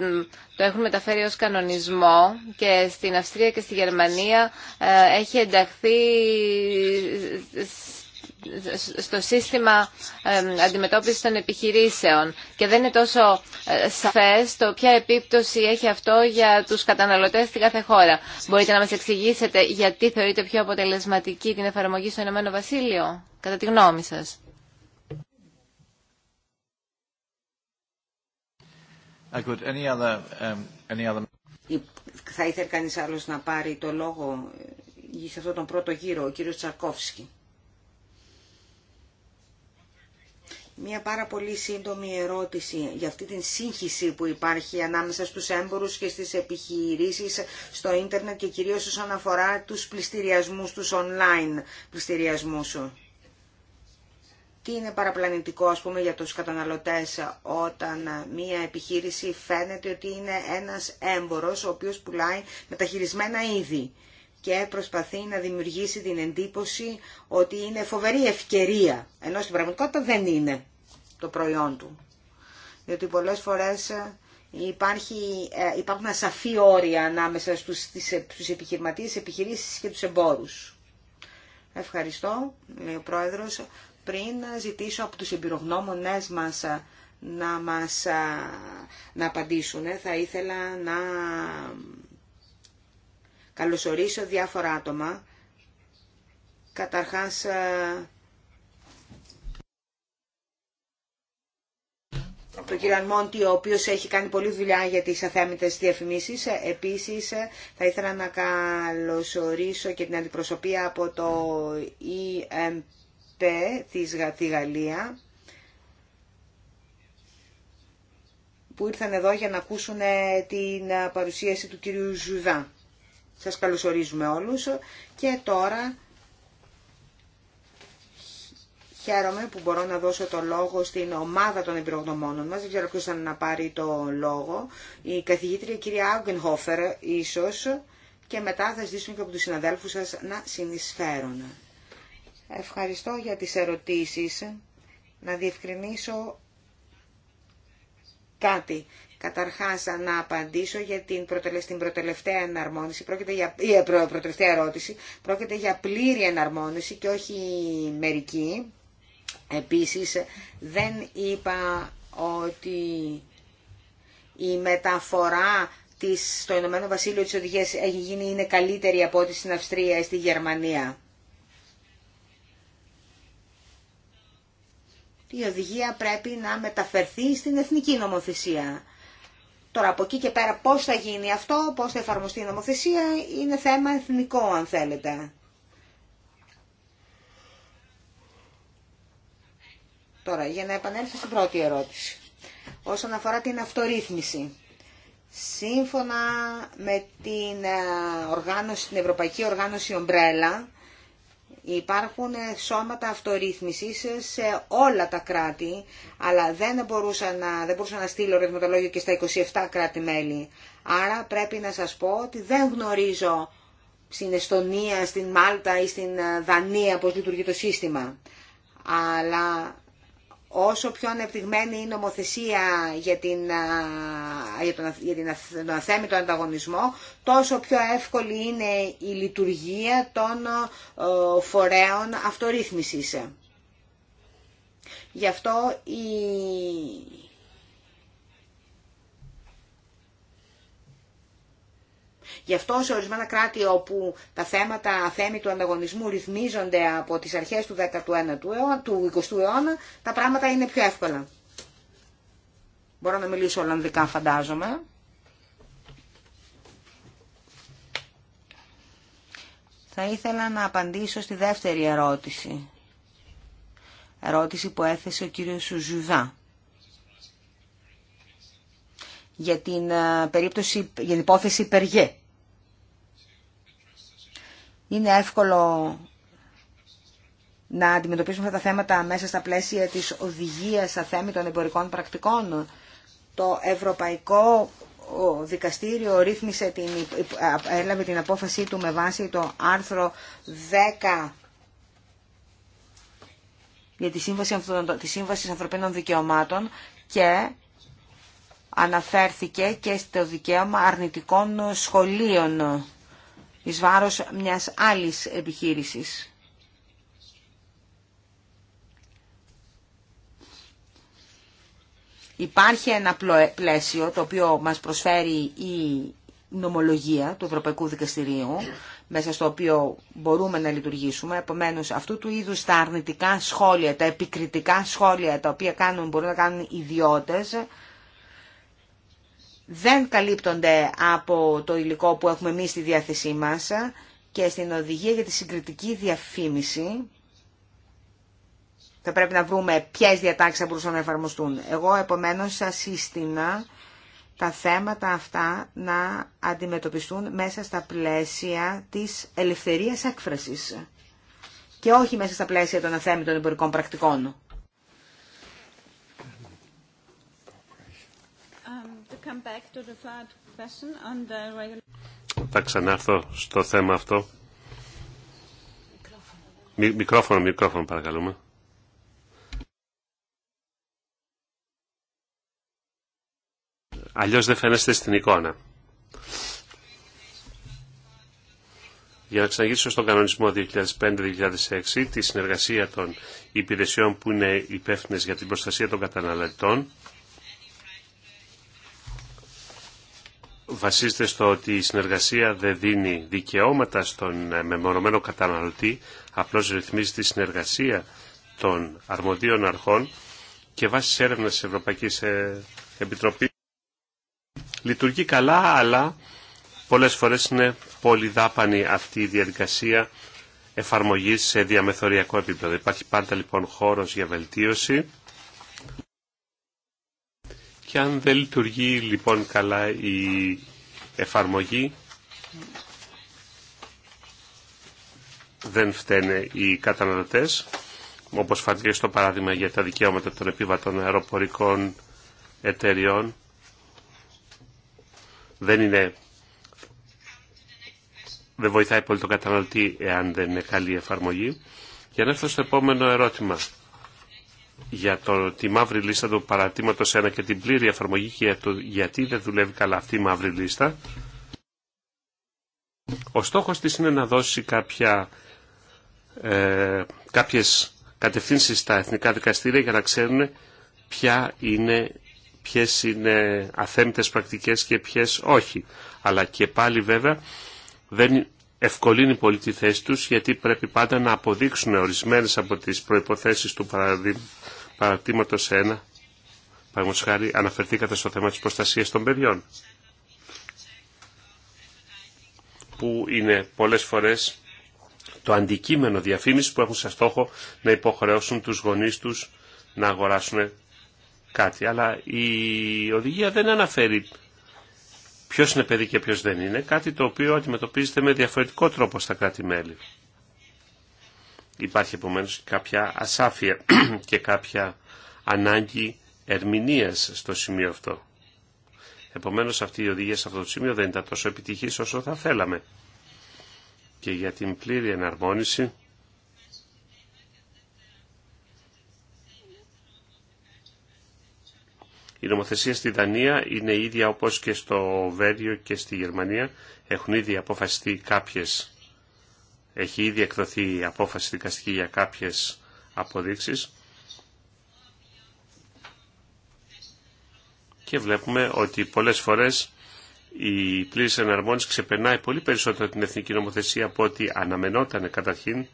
το έχουν μεταφέρει ως κανονισμό και στην Αυστρία και στη Γερμανία ε, έχει ενταχθεί στο σύστημα ε, αντιμετώπισης των επιχειρήσεων και δεν είναι τόσο σαφές το ποια επίπτωση έχει αυτό για τους καταναλωτές στην κάθε χώρα. Μπορείτε να μας εξηγήσετε γιατί θεωρείτε πιο αποτελεσματική την εφαρμογή στο Ηνωμένο Βασίλειο, κατά τη γνώμη σας. Um, θα ήθελε κανείς άλλος να πάρει το λόγο ε, σε αυτόν τον πρώτο γύρο, ο κύριος Τσαρκόφσκι. Μία πάρα πολύ σύντομη ερώτηση για αυτή την σύγχυση που υπάρχει ανάμεσα στους έμπορους και στις επιχειρήσεις στο ίντερνετ και κυρίως όσον αφορά τους πληστηριασμούς τους online πληστηριασμούς τι είναι παραπλανητικό ας πούμε για τους καταναλωτές όταν μια επιχείρηση φαίνεται ότι είναι ένας έμπορος ο οποίος πουλάει μεταχειρισμένα είδη και προσπαθεί να δημιουργήσει την εντύπωση ότι είναι φοβερή ευκαιρία, ενώ στην πραγματικότητα δεν είναι το προϊόν του. Διότι πολλές φορές ε, υπάρχει, ε, υπάρχουν ασαφή όρια ανάμεσα στους, ε, στους επιχειρηματίες, επιχειρήσεις και τους εμπόρους. Ευχαριστώ, λέει ο Πρόεδρος πριν ζητήσω από τους εμπειρογνώμονές μας ε, να μας ε, να απαντήσουν, ε, θα ήθελα να καλωσορίσω διάφορα άτομα. Καταρχάς, τον κύριο Μόντι, ο οποίος έχει κάνει πολλή δουλειά για τις αθέμητες διαφημίσεις. Επίσης, θα ήθελα να καλωσορίσω και την αντιπροσωπεία από το EMP ΤΕ της, τη Γαλλία που ήρθαν εδώ για να ακούσουν ε, την ε, παρουσίαση του κυρίου Ζουδά. Σας καλωσορίζουμε όλους και τώρα χαίρομαι που μπορώ να δώσω το λόγο στην ομάδα των εμπειρογνωμόνων μας. Δεν να πάρει το λόγο. Η καθηγήτρια κυρία Άγγενχόφερ ίσως και μετά θα ζητήσουμε και από τους συναδέλφους σας να συνεισφέρουν. Ευχαριστώ για τις ερωτήσεις. Να διευκρινίσω κάτι. Καταρχάς να απαντήσω για την, προτελευταία εναρμόνιση, πρόκειται για... η προ... ερώτηση, πρόκειται για πλήρη εναρμόνιση και όχι μερική. Επίσης δεν είπα ότι η μεταφορά της, στο Ηνωμένο Βασίλειο της οδηγίας έχει γίνει είναι καλύτερη από ό,τι στην Αυστρία ή στη Γερμανία. η οδηγία πρέπει να μεταφερθεί στην εθνική νομοθεσία. Τώρα από εκεί και πέρα πώς θα γίνει αυτό, πώς θα εφαρμοστεί η νομοθεσία, είναι θέμα εθνικό αν θέλετε. Τώρα, για να επανέλθω στην πρώτη ερώτηση. Όσον αφορά την αυτορύθμιση. Σύμφωνα με την, ε, οργάνωση, την Ευρωπαϊκή Οργάνωση Ομπρέλα, Υπάρχουν σώματα αυτορύθμισης σε όλα τα κράτη, αλλά δεν μπορούσα να, δεν μπορούσα να στείλω ρευματολόγιο και στα 27 κράτη-μέλη. Άρα πρέπει να σας πω ότι δεν γνωρίζω στην Εστονία, στην Μάλτα ή στην ε, Δανία πώς λειτουργεί το σύστημα. Αλλά όσο πιο ανεπτυγμένη η νομοθεσία για, την, για, τον, για την, αθέμητο ανταγωνισμό, τόσο πιο εύκολη είναι η λειτουργία των φορέων αυτορύθμισης. Γι' αυτό η, Γι' αυτό σε ορισμένα κράτη όπου τα θέματα αθέμη του ανταγωνισμού ρυθμίζονται από τις αρχές του 19ου αιώνα, του 20ου αιώνα, τα πράγματα είναι πιο εύκολα. Μπορώ να μιλήσω Ολλανδικά φαντάζομαι. Θα ήθελα να απαντήσω στη δεύτερη ερώτηση. Ερώτηση που έθεσε ο κύριος Σουζουζά. Για την, ε, περίπτωση, για την υπόθεση Περγέ είναι εύκολο να αντιμετωπίσουμε αυτά τα θέματα μέσα στα πλαίσια της οδηγίας αθέμη των εμπορικών πρακτικών. Το Ευρωπαϊκό Δικαστήριο ρύθμισε την, έλαβε την απόφασή του με βάση το άρθρο 10 για τη Σύμβαση, τη Σύμβαση Ανθρωπίνων Δικαιωμάτων και αναφέρθηκε και στο δικαίωμα αρνητικών σχολείων εις βάρος μιας άλλης επιχείρησης. Υπάρχει ένα πλαίσιο το οποίο μας προσφέρει η νομολογία του Ευρωπαϊκού Δικαστηρίου μέσα στο οποίο μπορούμε να λειτουργήσουμε. Επομένω, αυτού του είδους τα αρνητικά σχόλια, τα επικριτικά σχόλια τα οποία κάνουν, μπορούν να κάνουν ιδιώτες, δεν καλύπτονται από το υλικό που έχουμε εμείς στη διάθεσή μας και στην οδηγία για τη συγκριτική διαφήμιση θα πρέπει να βρούμε ποιες διατάξεις θα μπορούσαν να εφαρμοστούν. Εγώ επομένως σας σύστηνα τα θέματα αυτά να αντιμετωπιστούν μέσα στα πλαίσια της ελευθερίας έκφρασης και όχι μέσα στα πλαίσια των αθέμητων εμπορικών πρακτικών. Um, θα ξανάρθω στο θέμα αυτό. Μικρόφωνο, μικρόφωνο παρακαλούμε. Αλλιώς δεν φαίνεστε στην εικόνα. Για να ξαναγυρίσω στον κανονισμό 2005-2006, τη συνεργασία των υπηρεσιών που είναι υπεύθυνε για την προστασία των καταναλωτών, βασίζεται στο ότι η συνεργασία δεν δίνει δικαιώματα στον ε, μεμονωμένο καταναλωτή, απλώς ρυθμίζει τη συνεργασία των αρμοδίων αρχών και βάσει έρευνα τη ευρωπαϊκή ε, επιτροπή λειτουργεί καλά, αλλά πολλές φορές είναι πολύ δάπανη αυτή η διαδικασία εφαρμογής σε διαμεθοριακό επίπεδο. Υπάρχει πάντα λοιπόν χώρος για βελτίωση και αν δεν λειτουργεί λοιπόν καλά η εφαρμογή, δεν φταίνε οι καταναλωτές, όπως φάνηκε στο παράδειγμα για τα δικαιώματα των επιβατών αεροπορικών εταιριών. Δεν είναι δεν βοηθάει πολύ τον καταναλωτή εάν δεν είναι καλή εφαρμογή. Και να έρθω στο επόμενο ερώτημα για το, τη μαύρη λίστα του παρατήματος 1 και την πλήρη εφαρμογή και το γιατί δεν δουλεύει καλά αυτή η μαύρη λίστα. Ο στόχος της είναι να δώσει κάποια, ε, κάποιες κατευθύνσεις στα εθνικά δικαστήρια για να ξέρουν ποια είναι, ποιες είναι αθέμητες πρακτικές και ποιες όχι. Αλλά και πάλι βέβαια δεν ευκολύνει πολύ τη θέση τους γιατί πρέπει πάντα να αποδείξουν ορισμένες από τις προϋποθέσεις του παραδείγματος 1 Παραδείγματος χάρη αναφερθήκατε στο θέμα της προστασίας των παιδιών που είναι πολλές φορές το αντικείμενο διαφήμισης που έχουν σε στόχο να υποχρεώσουν τους γονείς τους να αγοράσουν κάτι. Αλλά η οδηγία δεν αναφέρει ποιος είναι παιδί και ποιος δεν είναι, κάτι το οποίο αντιμετωπίζεται με διαφορετικό τρόπο στα κράτη-μέλη. Υπάρχει επομένω κάποια ασάφεια και κάποια ανάγκη ερμηνείας στο σημείο αυτό. Επομένως αυτή η οδηγία σε αυτό το σημείο δεν ήταν τόσο επιτυχής όσο θα θέλαμε. Και για την πλήρη εναρμόνιση Η νομοθεσία στη Δανία είναι ίδια όπως και στο Βέλγιο και στη Γερμανία. Έχουν ήδη αποφασιστεί κάποιες, έχει ήδη εκδοθεί η απόφαση δικαστική για κάποιες αποδείξεις. Και βλέπουμε ότι πολλές φορές η πλήρης εναρμόνιση ξεπερνάει πολύ περισσότερο την εθνική νομοθεσία από ό,τι αναμενόταν καταρχήν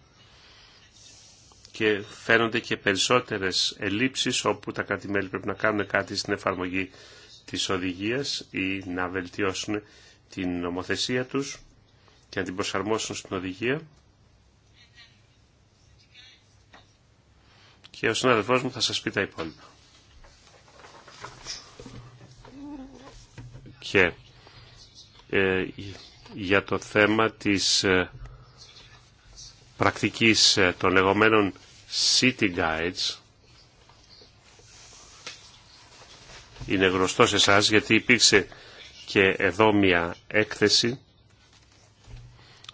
και φαίνονται και περισσότερες ελλείψεις όπου τα κράτη-μέλη πρέπει να κάνουν κάτι στην εφαρμογή της οδηγίας ή να βελτιώσουν την νομοθεσία τους και να την προσαρμόσουν στην οδηγία. Και ο συνάδελφός μου θα σας πει τα υπόλοιπα. Και ε, για το θέμα της ε, πρακτικής ε, των λεγόμενων City Guides είναι γνωστό σε εσά γιατί υπήρξε και εδώ μια έκθεση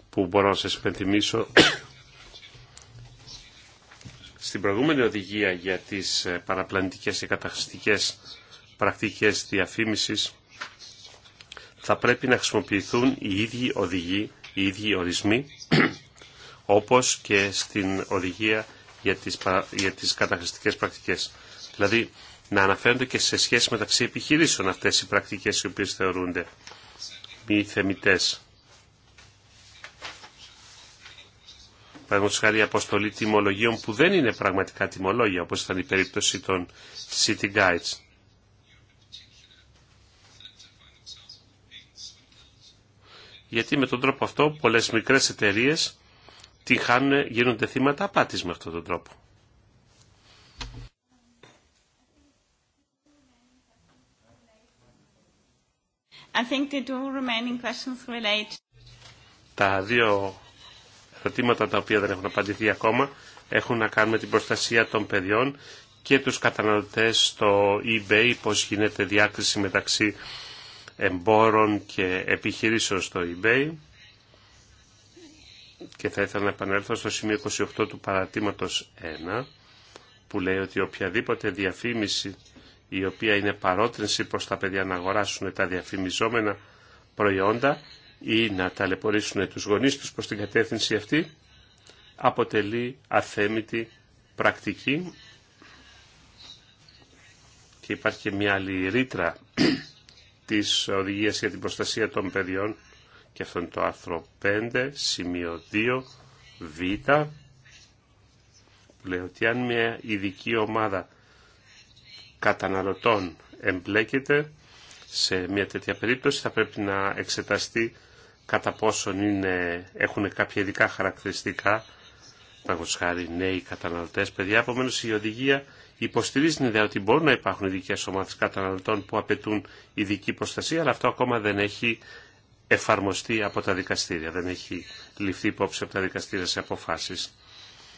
που μπορώ να σας υπενθυμίσω στην προηγούμενη οδηγία για τις ε, παραπλανητικές και καταχρηστικές πρακτικές διαφήμισης θα πρέπει να χρησιμοποιηθούν οι ίδιοι οδηγοί, οι ίδιοι ορισμοί όπως και στην οδηγία για τις, για τις καταχρηστικές πρακτικές. Δηλαδή να αναφέρονται και σε σχέση μεταξύ επιχειρήσεων αυτές οι πρακτικές οι οποίες θεωρούνται μη θεμητές. Παραδείγματος χάρη αποστολή τιμολογίων που δεν είναι πραγματικά τιμολόγια, όπως ήταν η περίπτωση των City Guides. Γιατί με τον τρόπο αυτό πολλές μικρές εταιρείες τι χάνουν, γίνονται θύματα απάτης με αυτόν τον τρόπο. I think the two remaining questions relate. Τα δύο ερωτήματα τα οποία δεν έχουν απαντηθεί ακόμα έχουν να κάνουν με την προστασία των παιδιών και τους καταναλωτές στο eBay, πώς γίνεται διάκριση μεταξύ εμπόρων και επιχειρήσεων στο eBay και θα ήθελα να επανέλθω στο σημείο 28 του παρατήματος 1 που λέει ότι οποιαδήποτε διαφήμιση η οποία είναι παρότρινση προς τα παιδιά να αγοράσουν τα διαφημιζόμενα προϊόντα ή να ταλαιπωρήσουν τους γονείς τους προς την κατεύθυνση αυτή αποτελεί αθέμητη πρακτική και υπάρχει και μια άλλη ρήτρα της οδηγίας για την προστασία των παιδιών και αυτό είναι το άρθρο 5, σημείο 2, β, που λέει ότι αν μια ειδική ομάδα καταναλωτών εμπλέκεται, σε μια τέτοια περίπτωση θα πρέπει να εξεταστεί κατά πόσον είναι, έχουν κάποια ειδικά χαρακτηριστικά, παραγωγός χάρη νέοι καταναλωτές, παιδιά, επομένω η οδηγία υποστηρίζει την ιδέα ότι μπορούν να υπάρχουν ειδικέ ομάδε καταναλωτών που απαιτούν ειδική προστασία, αλλά αυτό ακόμα δεν έχει εφαρμοστεί από τα δικαστήρια, δεν έχει ληφθεί υπόψη από τα δικαστήρια σε αποφάσεις.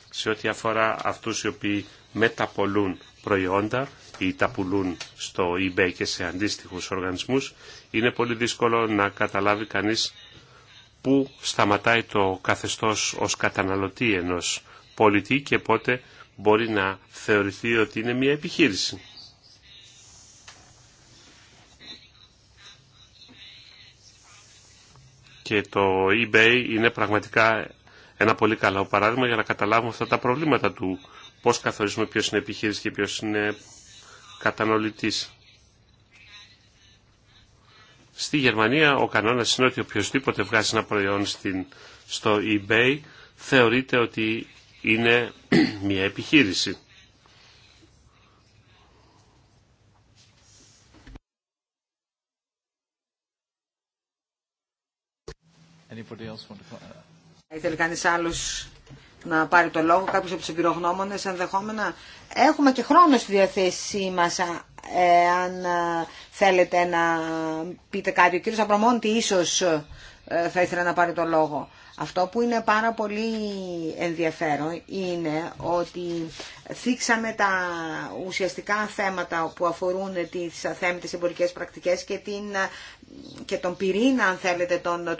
Σε ό,τι αφορά αυτούς οι οποίοι μεταπολούν προϊόντα ή τα πουλούν στο eBay και σε αντίστοιχους οργανισμούς, είναι πολύ δύσκολο να καταλάβει κανείς πού σταματάει το καθεστώς ως καταναλωτή ενός πολιτή και πότε μπορεί να θεωρηθεί ότι είναι μια επιχείρηση. και το eBay είναι πραγματικά ένα πολύ καλό παράδειγμα για να καταλάβουμε αυτά τα προβλήματα του πώς καθορίζουμε ποιος είναι επιχείρηση και ποιος είναι καταναλωτής. Στη Γερμανία ο κανόνας είναι ότι οποιοδήποτε βγάζει ένα προϊόν στην, στο eBay θεωρείται ότι είναι μια επιχείρηση. Ήθελε κανείς άλλος να πάρει το λόγο, κάποιος από τους εμπειρογνώμονες ενδεχόμενα. Έχουμε και χρόνο στη διαθέσή μας, ε, αν ε, θέλετε να πείτε κάτι. Ο κύριος Απρομόντη ίσως ε, θα ήθελα να πάρει το λόγο. Αυτό που είναι πάρα πολύ ενδιαφέρον είναι ότι θίξαμε τα ουσιαστικά θέματα που αφορούν τις αθέμητες εμπορικές πρακτικές και, την, και τον πυρήνα, αν θέλετε, των,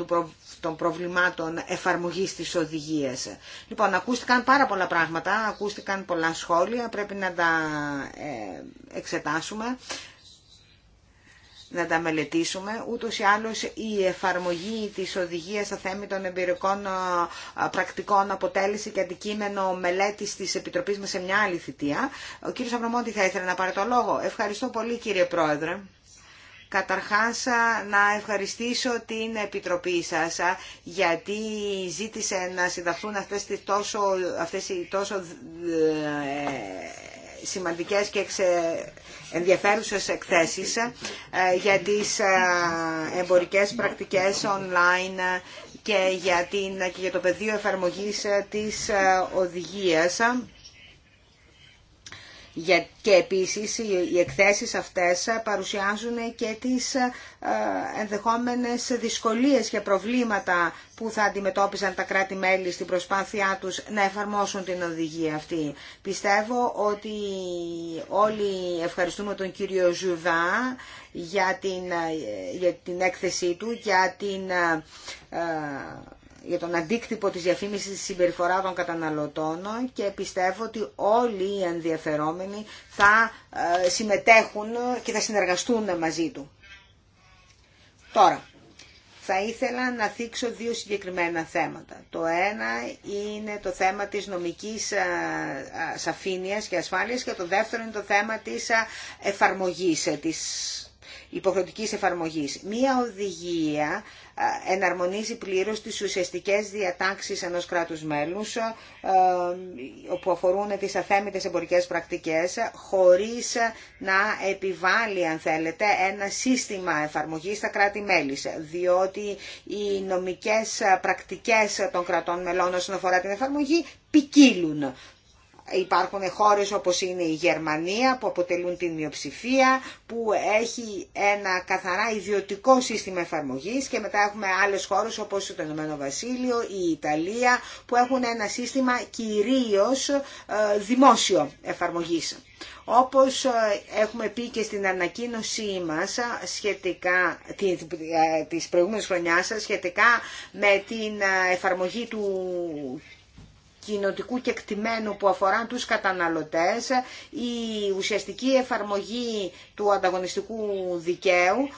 των προβλημάτων εφαρμογής της οδηγίας. Λοιπόν, ακούστηκαν πάρα πολλά πράγματα, ακούστηκαν πολλά σχόλια, πρέπει να τα ε, εξετάσουμε να τα μελετήσουμε. Ούτως ή άλλως η εφαρμογή της οδηγίας στα θέμα των εμπειρικών πρακτικών αποτέλεσε και αντικείμενο μελέτης της Επιτροπής μας σε μια άλλη θητεία. Ο κύριος Αβραμόντη θα ήθελε να πάρει το λόγο. Ευχαριστώ πολύ κύριε Πρόεδρε. Καταρχάς να ευχαριστήσω την Επιτροπή σας γιατί ζήτησε να συνταχθούν αυτές, τόσο, αυτές οι τόσο ε, σημαντικές και ενδιαφέρουσες εκθέσεις ε, για τις ε, εμπορικές πρακτικές online και για, και για το πεδίο εφαρμογής ε, της οδηγίας και επίσης οι εκθέσεις αυτές παρουσιάζουν και τις ε, ενδεχόμενες δυσκολίες και προβλήματα που θα αντιμετώπιζαν τα κράτη-μέλη στην προσπάθειά τους να εφαρμόσουν την οδηγία αυτή. Πιστεύω ότι όλοι ευχαριστούμε τον κύριο Ζουβά για την, ε, για την έκθεσή του, για την ε, για τον αντίκτυπο της διαφήμισης της συμπεριφορά των καταναλωτών και πιστεύω ότι όλοι οι ενδιαφερόμενοι θα ε, συμμετέχουν και θα συνεργαστούν μαζί του. Τώρα, θα ήθελα να θίξω δύο συγκεκριμένα θέματα. Το ένα είναι το θέμα της νομικής ε, ε, σαφήνειας και ασφάλειας και το δεύτερο είναι το θέμα της εφαρμογής, της υποχρεωτικής εφαρμογής. Μία οδηγία εναρμονίζει πλήρως τις ουσιαστικές διατάξεις ενός κράτους μέλους που αφορούν τις αθέμητες εμπορικές πρακτικές χωρίς να επιβάλλει αν θέλετε ένα σύστημα εφαρμογής στα κράτη-μέλη διότι οι νομικές πρακτικές των κρατών μελών όσον αφορά την εφαρμογή ποικίλουν. Υπάρχουν χώρες όπως είναι η Γερμανία που αποτελούν την μειοψηφία, που έχει ένα καθαρά ιδιωτικό σύστημα εφαρμογής και μετά έχουμε άλλες χώρες όπως το Ηνωμένο Βασίλειο, η Ιταλία που έχουν ένα σύστημα κυρίως ε, δημόσιο εφαρμογής. Όπως ε, έχουμε πει και στην ανακοίνωσή μας σχετικά, ε, της προηγούμενης χρονιάς σχετικά με την εφαρμογή του, και κεκτημένου που αφορά τους καταναλωτές, η ουσιαστική εφαρμογή του ανταγωνιστικού δικαίου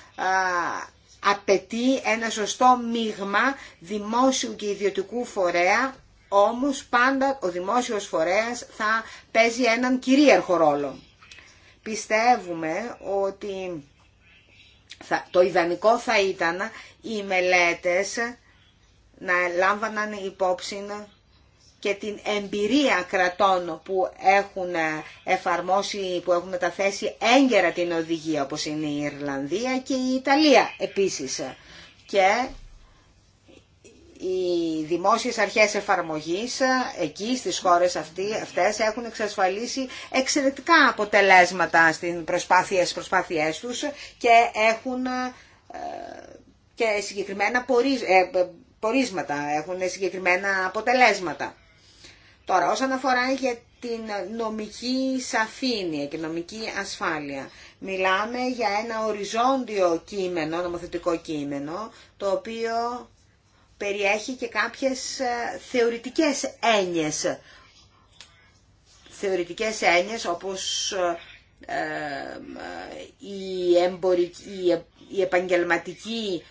απαιτεί ένα σωστό μείγμα δημόσιου και ιδιωτικού φορέα, όμως πάντα ο δημόσιος φορέας θα παίζει έναν κυρίαρχο ρόλο. Πιστεύουμε ότι το ιδανικό θα ήταν οι μελέτες να λάμβαναν υπόψη και την εμπειρία κρατών που έχουν εφαρμόσει, που έχουν μεταθέσει έγκαιρα την οδηγία, όπως είναι η Ιρλανδία και η Ιταλία επίσης. Και οι δημόσιες αρχές εφαρμογής εκεί στις χώρες αυτή, αυτές έχουν εξασφαλίσει εξαιρετικά αποτελέσματα στις προσπάθειες, προσπάθειές τους και έχουν ε, και συγκεκριμένα ε, πορίσματα, έχουν συγκεκριμένα αποτελέσματα. Τώρα, όσον αφορά για την νομική σαφήνεια και νομική ασφάλεια, μιλάμε για ένα οριζόντιο κείμενο, νομοθετικό κείμενο, το οποίο περιέχει και κάποιες ε, θεωρητικές έννοιες. Θεωρητικές έννοιες όπως ε, ε, η, εμπορική, η επαγγελματική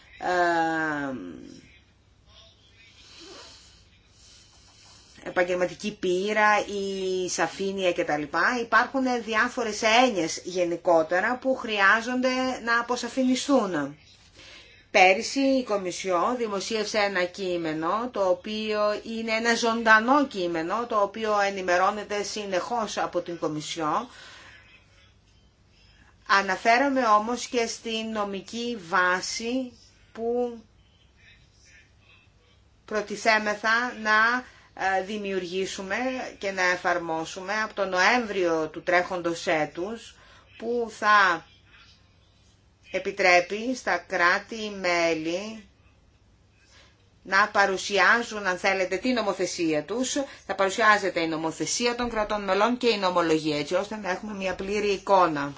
επαγγελματική πείρα, η σαφήνεια κτλ. Υπάρχουν διάφορες έννοιες γενικότερα που χρειάζονται να αποσαφινιστούν. Πέρυσι η Κομισιό δημοσίευσε ένα κείμενο, το οποίο είναι ένα ζωντανό κείμενο, το οποίο ενημερώνεται συνεχώς από την Κομισιό. Αναφέρομαι όμως και στην νομική βάση που προτιθέμεθα να δημιουργήσουμε και να εφαρμόσουμε από τον Νοέμβριο του τρέχοντος έτους που θα επιτρέπει στα κράτη-μέλη να παρουσιάζουν, αν θέλετε, την νομοθεσία τους. Θα παρουσιάζεται η νομοθεσία των κρατών μελών και η νομολογία, έτσι ώστε να έχουμε μια πλήρη εικόνα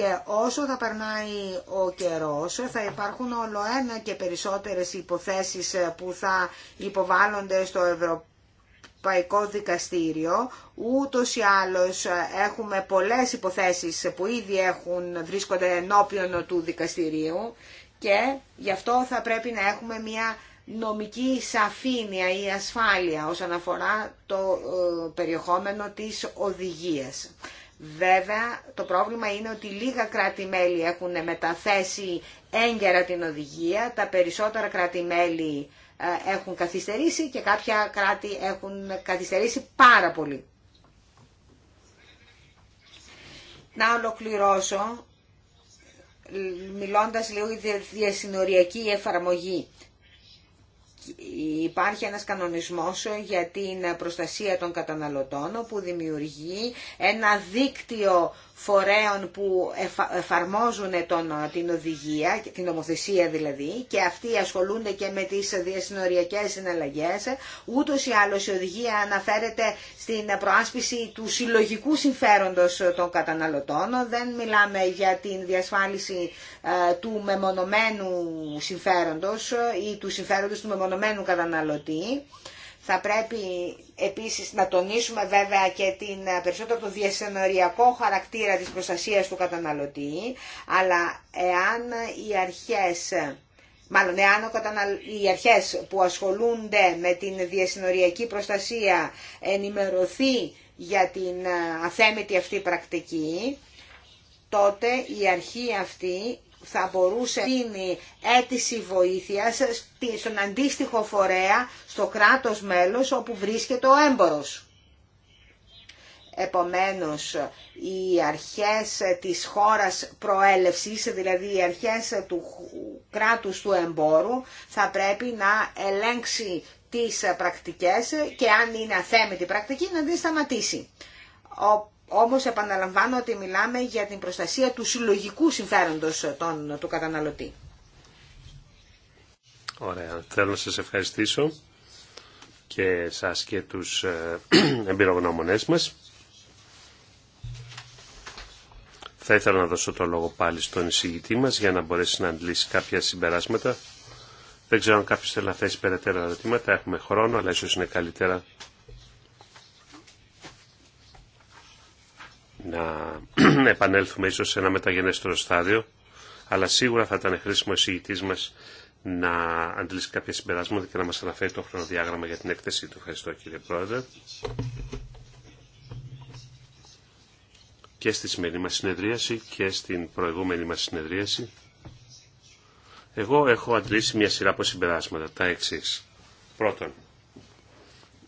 και όσο θα περνάει ο καιρός θα υπάρχουν όλο ένα και περισσότερες υποθέσεις που θα υποβάλλονται στο Ευρωπαϊκό Δικαστήριο. Ούτως ή άλλως έχουμε πολλές υποθέσεις που ήδη έχουν, βρίσκονται ενώπιον του δικαστηρίου και γι' αυτό θα πρέπει να έχουμε μια νομική σαφήνεια ή ασφάλεια όσον αφορά το ε, περιεχόμενο της οδηγίας. Βέβαια, το πρόβλημα είναι ότι λίγα κράτη-μέλη έχουν μεταθέσει έγκαιρα την οδηγία, τα περισσότερα κράτη-μέλη ε, έχουν καθυστερήσει και κάποια κράτη έχουν καθυστερήσει πάρα πολύ. Να ολοκληρώσω ε, μιλώντας λίγο για τη διασυνοριακή εφαρμογή υπάρχει ένας κανονισμός για την προστασία των καταναλωτών που δημιουργεί ένα δίκτυο φορέων που εφαρμόζουν την οδηγία, την νομοθεσία δηλαδή, και αυτοί ασχολούνται και με τις διασυνοριακές συναλλαγές. Ούτως ή άλλως η οδηγία αναφέρεται στην προάσπιση του συλλογικού συμφέροντος των καταναλωτών. Δεν μιλάμε για την διασφάλιση ε, του μεμονωμένου συμφέροντος ή του συμφέροντος του μεμονωμένου καταναλωτή. Θα πρέπει επίσης να τονίσουμε βέβαια και την ε, περισσότερο το διασυνοριακό χαρακτήρα της προστασίας του καταναλωτή, αλλά εάν οι αρχές... Μάλλον, εάν οι αρχές που ασχολούνται με την διασυνοριακή προστασία ενημερωθεί για την ε, αθέμητη αυτή πρακτική, τότε η αρχή αυτή θα μπορούσε να γίνει αίτηση βοήθειας στον αντίστοιχο φορέα, στο κράτος μέλος όπου βρίσκεται ο έμπορος. Επομένως, οι αρχές της χώρας προέλευσης, δηλαδή οι αρχές του κράτους του εμπόρου, θα πρέπει να ελέγξει τις πρακτικές και αν είναι αθέμητη πρακτική να τη σταματήσει. Όμως επαναλαμβάνω ότι μιλάμε για την προστασία του συλλογικού συμφέροντος των, του καταναλωτή. Ωραία. Θέλω να σας ευχαριστήσω και σας και τους ε, εμπειρογνώμονές μας. Θα ήθελα να δώσω το λόγο πάλι στον εισηγητή μας για να μπορέσει να αντλήσει κάποια συμπεράσματα. Δεν ξέρω αν κάποιος θέλει να θέσει περαιτέρω ερωτήματα. Έχουμε χρόνο, αλλά ίσως είναι καλύτερα να επανέλθουμε ίσως σε ένα μεταγενέστερο στάδιο, αλλά σίγουρα θα ήταν χρήσιμο εισηγητή μα να αντλήσει κάποια συμπεράσματα και να μα αναφέρει το χρονοδιάγραμμα για την έκθεση του. Ευχαριστώ κύριε Πρόεδρε. Και στη σημερινή μα συνεδρίαση και στην προηγούμενη μα συνεδρίαση. Εγώ έχω αντλήσει μια σειρά από συμπεράσματα, τα εξή. Πρώτον,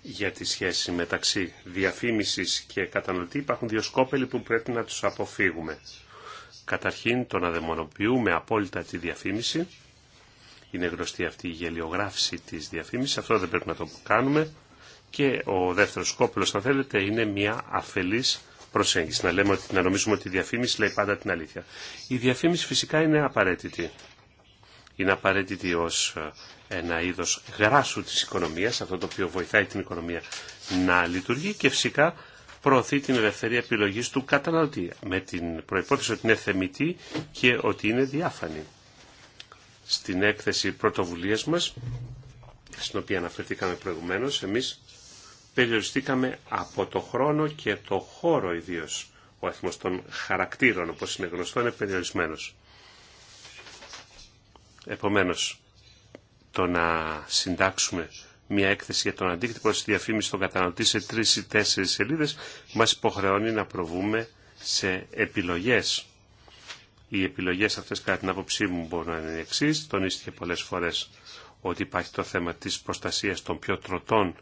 για τη σχέση μεταξύ διαφήμισης και κατανοητή υπάρχουν δύο σκόπελοι που πρέπει να τους αποφύγουμε. Καταρχήν το να δαιμονοποιούμε απόλυτα τη διαφήμιση. Είναι γνωστή αυτή η γελιογράφηση της διαφήμισης, αυτό δεν πρέπει να το κάνουμε. Και ο δεύτερος σκόπελος, αν θέλετε, είναι μια αφελής προσέγγιση. Να, λέμε, να νομίζουμε ότι η διαφήμιση λέει πάντα την αλήθεια. Η διαφήμιση φυσικά είναι απαραίτητη είναι απαραίτητη ως ε, ένα είδος γράσου της οικονομίας, αυτό το οποίο βοηθάει την οικονομία να λειτουργεί και φυσικά προωθεί την ελευθερία επιλογής του καταναλωτή με την προϋπόθεση ότι είναι θεμητή και ότι είναι διάφανη. Στην έκθεση πρωτοβουλίας μας, στην οποία αναφερθήκαμε προηγουμένως, εμείς περιοριστήκαμε από το χρόνο και το χώρο ιδίως. Ο αριθμός των χαρακτήρων, όπως είναι γνωστό, είναι περιορισμένος. Επομένως, το να συντάξουμε μια έκθεση για τον αντίκτυπο στη διαφήμιση των καταναλωτή σε τρει ή τέσσερι σελίδε, μα υποχρεώνει να προβούμε σε επιλογέ. Οι επιλογέ αυτέ, κατά την άποψή μου, μπορούν να είναι εξή. Τονίστηκε πολλέ φορέ ότι υπάρχει το θέμα τη προστασία των πιο τροτών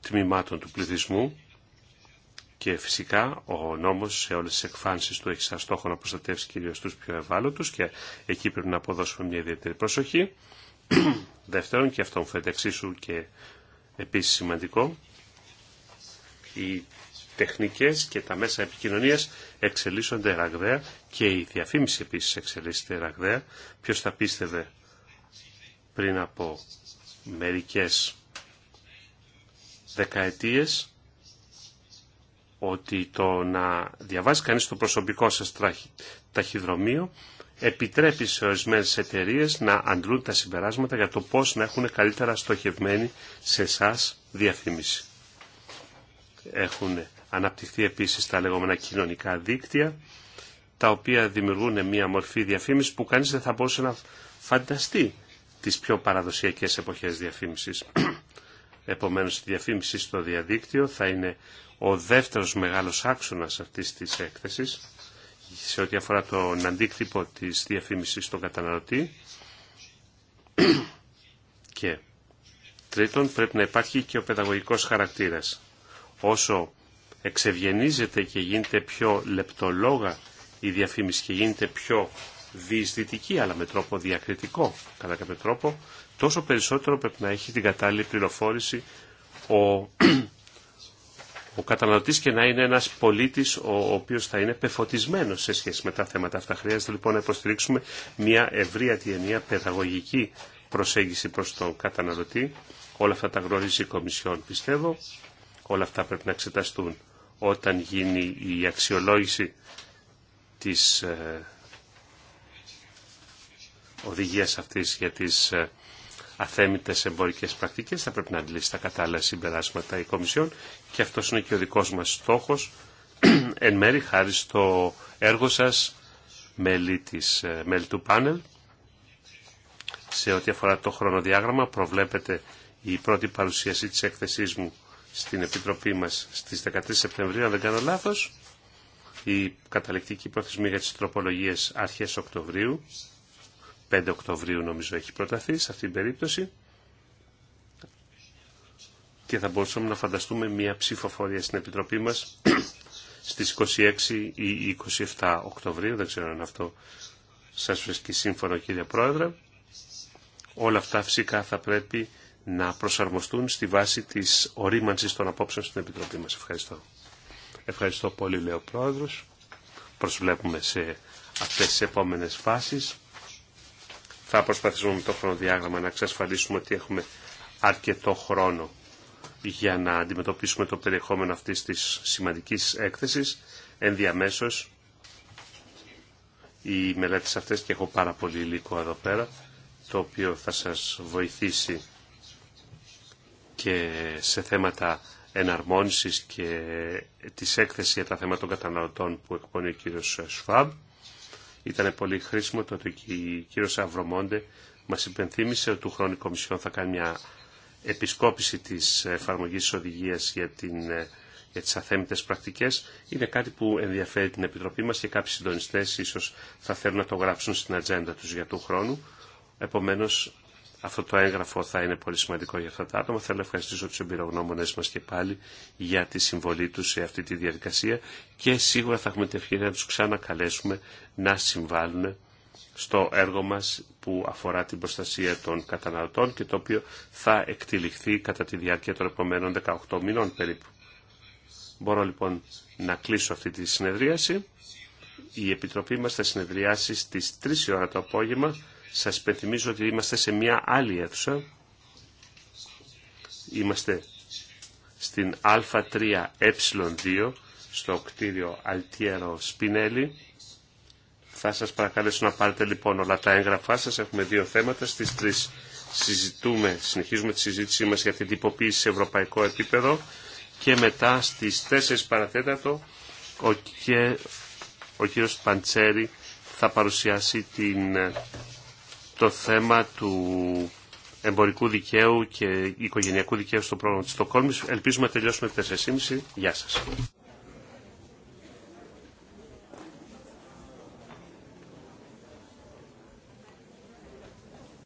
τμήματων του πληθυσμού. Και φυσικά ο νόμος σε όλες τις εκφάνσεις του έχει σαν στόχο να προστατεύσει κυρίως τους πιο ευάλωτους και εκεί πρέπει να αποδώσουμε μια ιδιαίτερη προσοχή. Δεύτερον, και αυτό μου φαίνεται εξίσου και επίσης σημαντικό, οι τεχνικές και τα μέσα επικοινωνίας εξελίσσονται ραγδαία και η διαφήμιση επίσης εξελίσσεται ραγδαία. Ποιος θα πίστευε πριν από μερικές δεκαετίες ότι το να διαβάζει κανείς το προσωπικό σας ταχυδρομείο επιτρέπει σε ορισμένε εταιρείε να αντλούν τα συμπεράσματα για το πώς να έχουν καλύτερα στοχευμένη σε εσά διαφήμιση. Έχουν αναπτυχθεί επίσης τα λεγόμενα κοινωνικά δίκτυα, τα οποία δημιουργούν μια μορφή διαφήμιση που κανείς δεν θα μπορούσε να φανταστεί τις πιο παραδοσιακές εποχές διαφήμισης. Επομένως, η διαφήμιση στο διαδίκτυο θα είναι ο δεύτερος μεγάλος άξονας αυτής της έκθεσης σε ό,τι αφορά τον αντίκτυπο της διαφήμισης στον καταναλωτή. Και τρίτον, πρέπει να υπάρχει και ο παιδαγωγικός χαρακτήρας. Όσο εξευγενίζεται και γίνεται πιο λεπτολόγα η διαφήμιση και γίνεται πιο διεισδυτική, αλλά με τρόπο διακριτικό, κατά κάποιο τρόπο, τόσο περισσότερο πρέπει να έχει την κατάλληλη πληροφόρηση ο, ο καταναλωτής και να είναι ένας πολίτης ο οποίος θα είναι πεφωτισμένος σε σχέση με τα θέματα αυτά. Χρειάζεται λοιπόν να υποστηρίξουμε μια ευρία ενία παιδαγωγική προσέγγιση προς τον καταναλωτή. Όλα αυτά τα γνωρίζει η Κομισιόν πιστεύω. Όλα αυτά πρέπει να εξεταστούν όταν γίνει η αξιολόγηση της ε, οδηγίας αυτής για τις ε, αθέμητες εμπορικές πρακτικές, θα πρέπει να αντιλήσει τα κατάλληλα συμπεράσματα η Κομισιόν και αυτό είναι και ο δικός μας στόχος, εν μέρη χάρη στο έργο σας, ε, μέλη, του πάνελ. Σε ό,τι αφορά το χρονοδιάγραμμα προβλέπεται η πρώτη παρουσίαση της έκθεσής μου στην Επιτροπή μας στις 13 Σεπτεμβρίου, αν δεν κάνω λάθος. Η καταληκτική προθεσμία για τις τροπολογίες αρχές Οκτωβρίου 5 Οκτωβρίου νομίζω έχει προταθεί σε αυτήν την περίπτωση και θα μπορούσαμε να φανταστούμε μια ψηφοφορία στην Επιτροπή μας στις 26 ή 27 Οκτωβρίου, δεν ξέρω αν αυτό σας βρίσκει σύμφωνο κύριε Πρόεδρε. Όλα αυτά φυσικά θα πρέπει να προσαρμοστούν στη βάση της ορίμανσης των απόψεων στην Επιτροπή μας. Ευχαριστώ. Ευχαριστώ πολύ, λέει ο Πρόεδρος. Προσβλέπουμε σε αυτές τις επόμενες φάσεις θα προσπαθήσουμε με το χρονοδιάγραμμα να εξασφαλίσουμε ότι έχουμε αρκετό χρόνο για να αντιμετωπίσουμε το περιεχόμενο αυτής της σημαντικής έκθεσης. Ενδιαμέσως οι μελέτες αυτές και έχω πάρα πολύ υλικό εδώ πέρα το οποίο θα σας βοηθήσει και σε θέματα εναρμόνισης και της έκθεσης για τα θέματα των καταναλωτών που εκπονεί ο κύριος Σφάμπ. Ήταν πολύ χρήσιμο το ότι ο κύριος Αβρομόντε μας υπενθύμησε ότι του χρόνου η Κομισιόν θα κάνει μια επισκόπηση της εφαρμογής της οδηγίας για, την, ε, για τις αθέμητες πρακτικές. Είναι κάτι που ενδιαφέρει την Επιτροπή μας και κάποιοι συντονιστές ίσως θα θέλουν να το γράψουν στην ατζέντα τους για του χρόνου. Επομένως, αυτό το έγγραφο θα είναι πολύ σημαντικό για αυτά τα άτομα. Θέλω να ευχαριστήσω τους εμπειρογνώμονες μας και πάλι για τη συμβολή τους σε αυτή τη διαδικασία και σίγουρα θα έχουμε την ευκαιρία να τους ξανακαλέσουμε να συμβάλλουν στο έργο μας που αφορά την προστασία των καταναλωτών και το οποίο θα εκτυλιχθεί κατά τη διάρκεια των επόμενων 18 μηνών περίπου. Μπορώ λοιπόν να κλείσω αυτή τη συνεδρίαση. Η Επιτροπή μας θα συνεδριάσει στις 3 ώρα το απόγευμα σας υπενθυμίζω ότι είμαστε σε μια άλλη αίθουσα. Είμαστε στην Α3Ε2 στο κτίριο Αλτιέρο Σπινέλη. Θα σας παρακαλέσω να πάρετε λοιπόν όλα τα έγγραφά σας. Έχουμε δύο θέματα. Στις τρεις συζητούμε, συνεχίζουμε τη συζήτησή μας για την τυποποίηση σε ευρωπαϊκό επίπεδο και μετά στις 4 παρατέτατο ο, και, ο κύριος Παντσέρη θα παρουσιάσει την ε, το θέμα του εμπορικού δικαίου και οικογενειακού δικαίου στο πρόγραμμα της Στοκόλμης. Ελπίζουμε να τελειώσουμε 4.30. Γεια σας.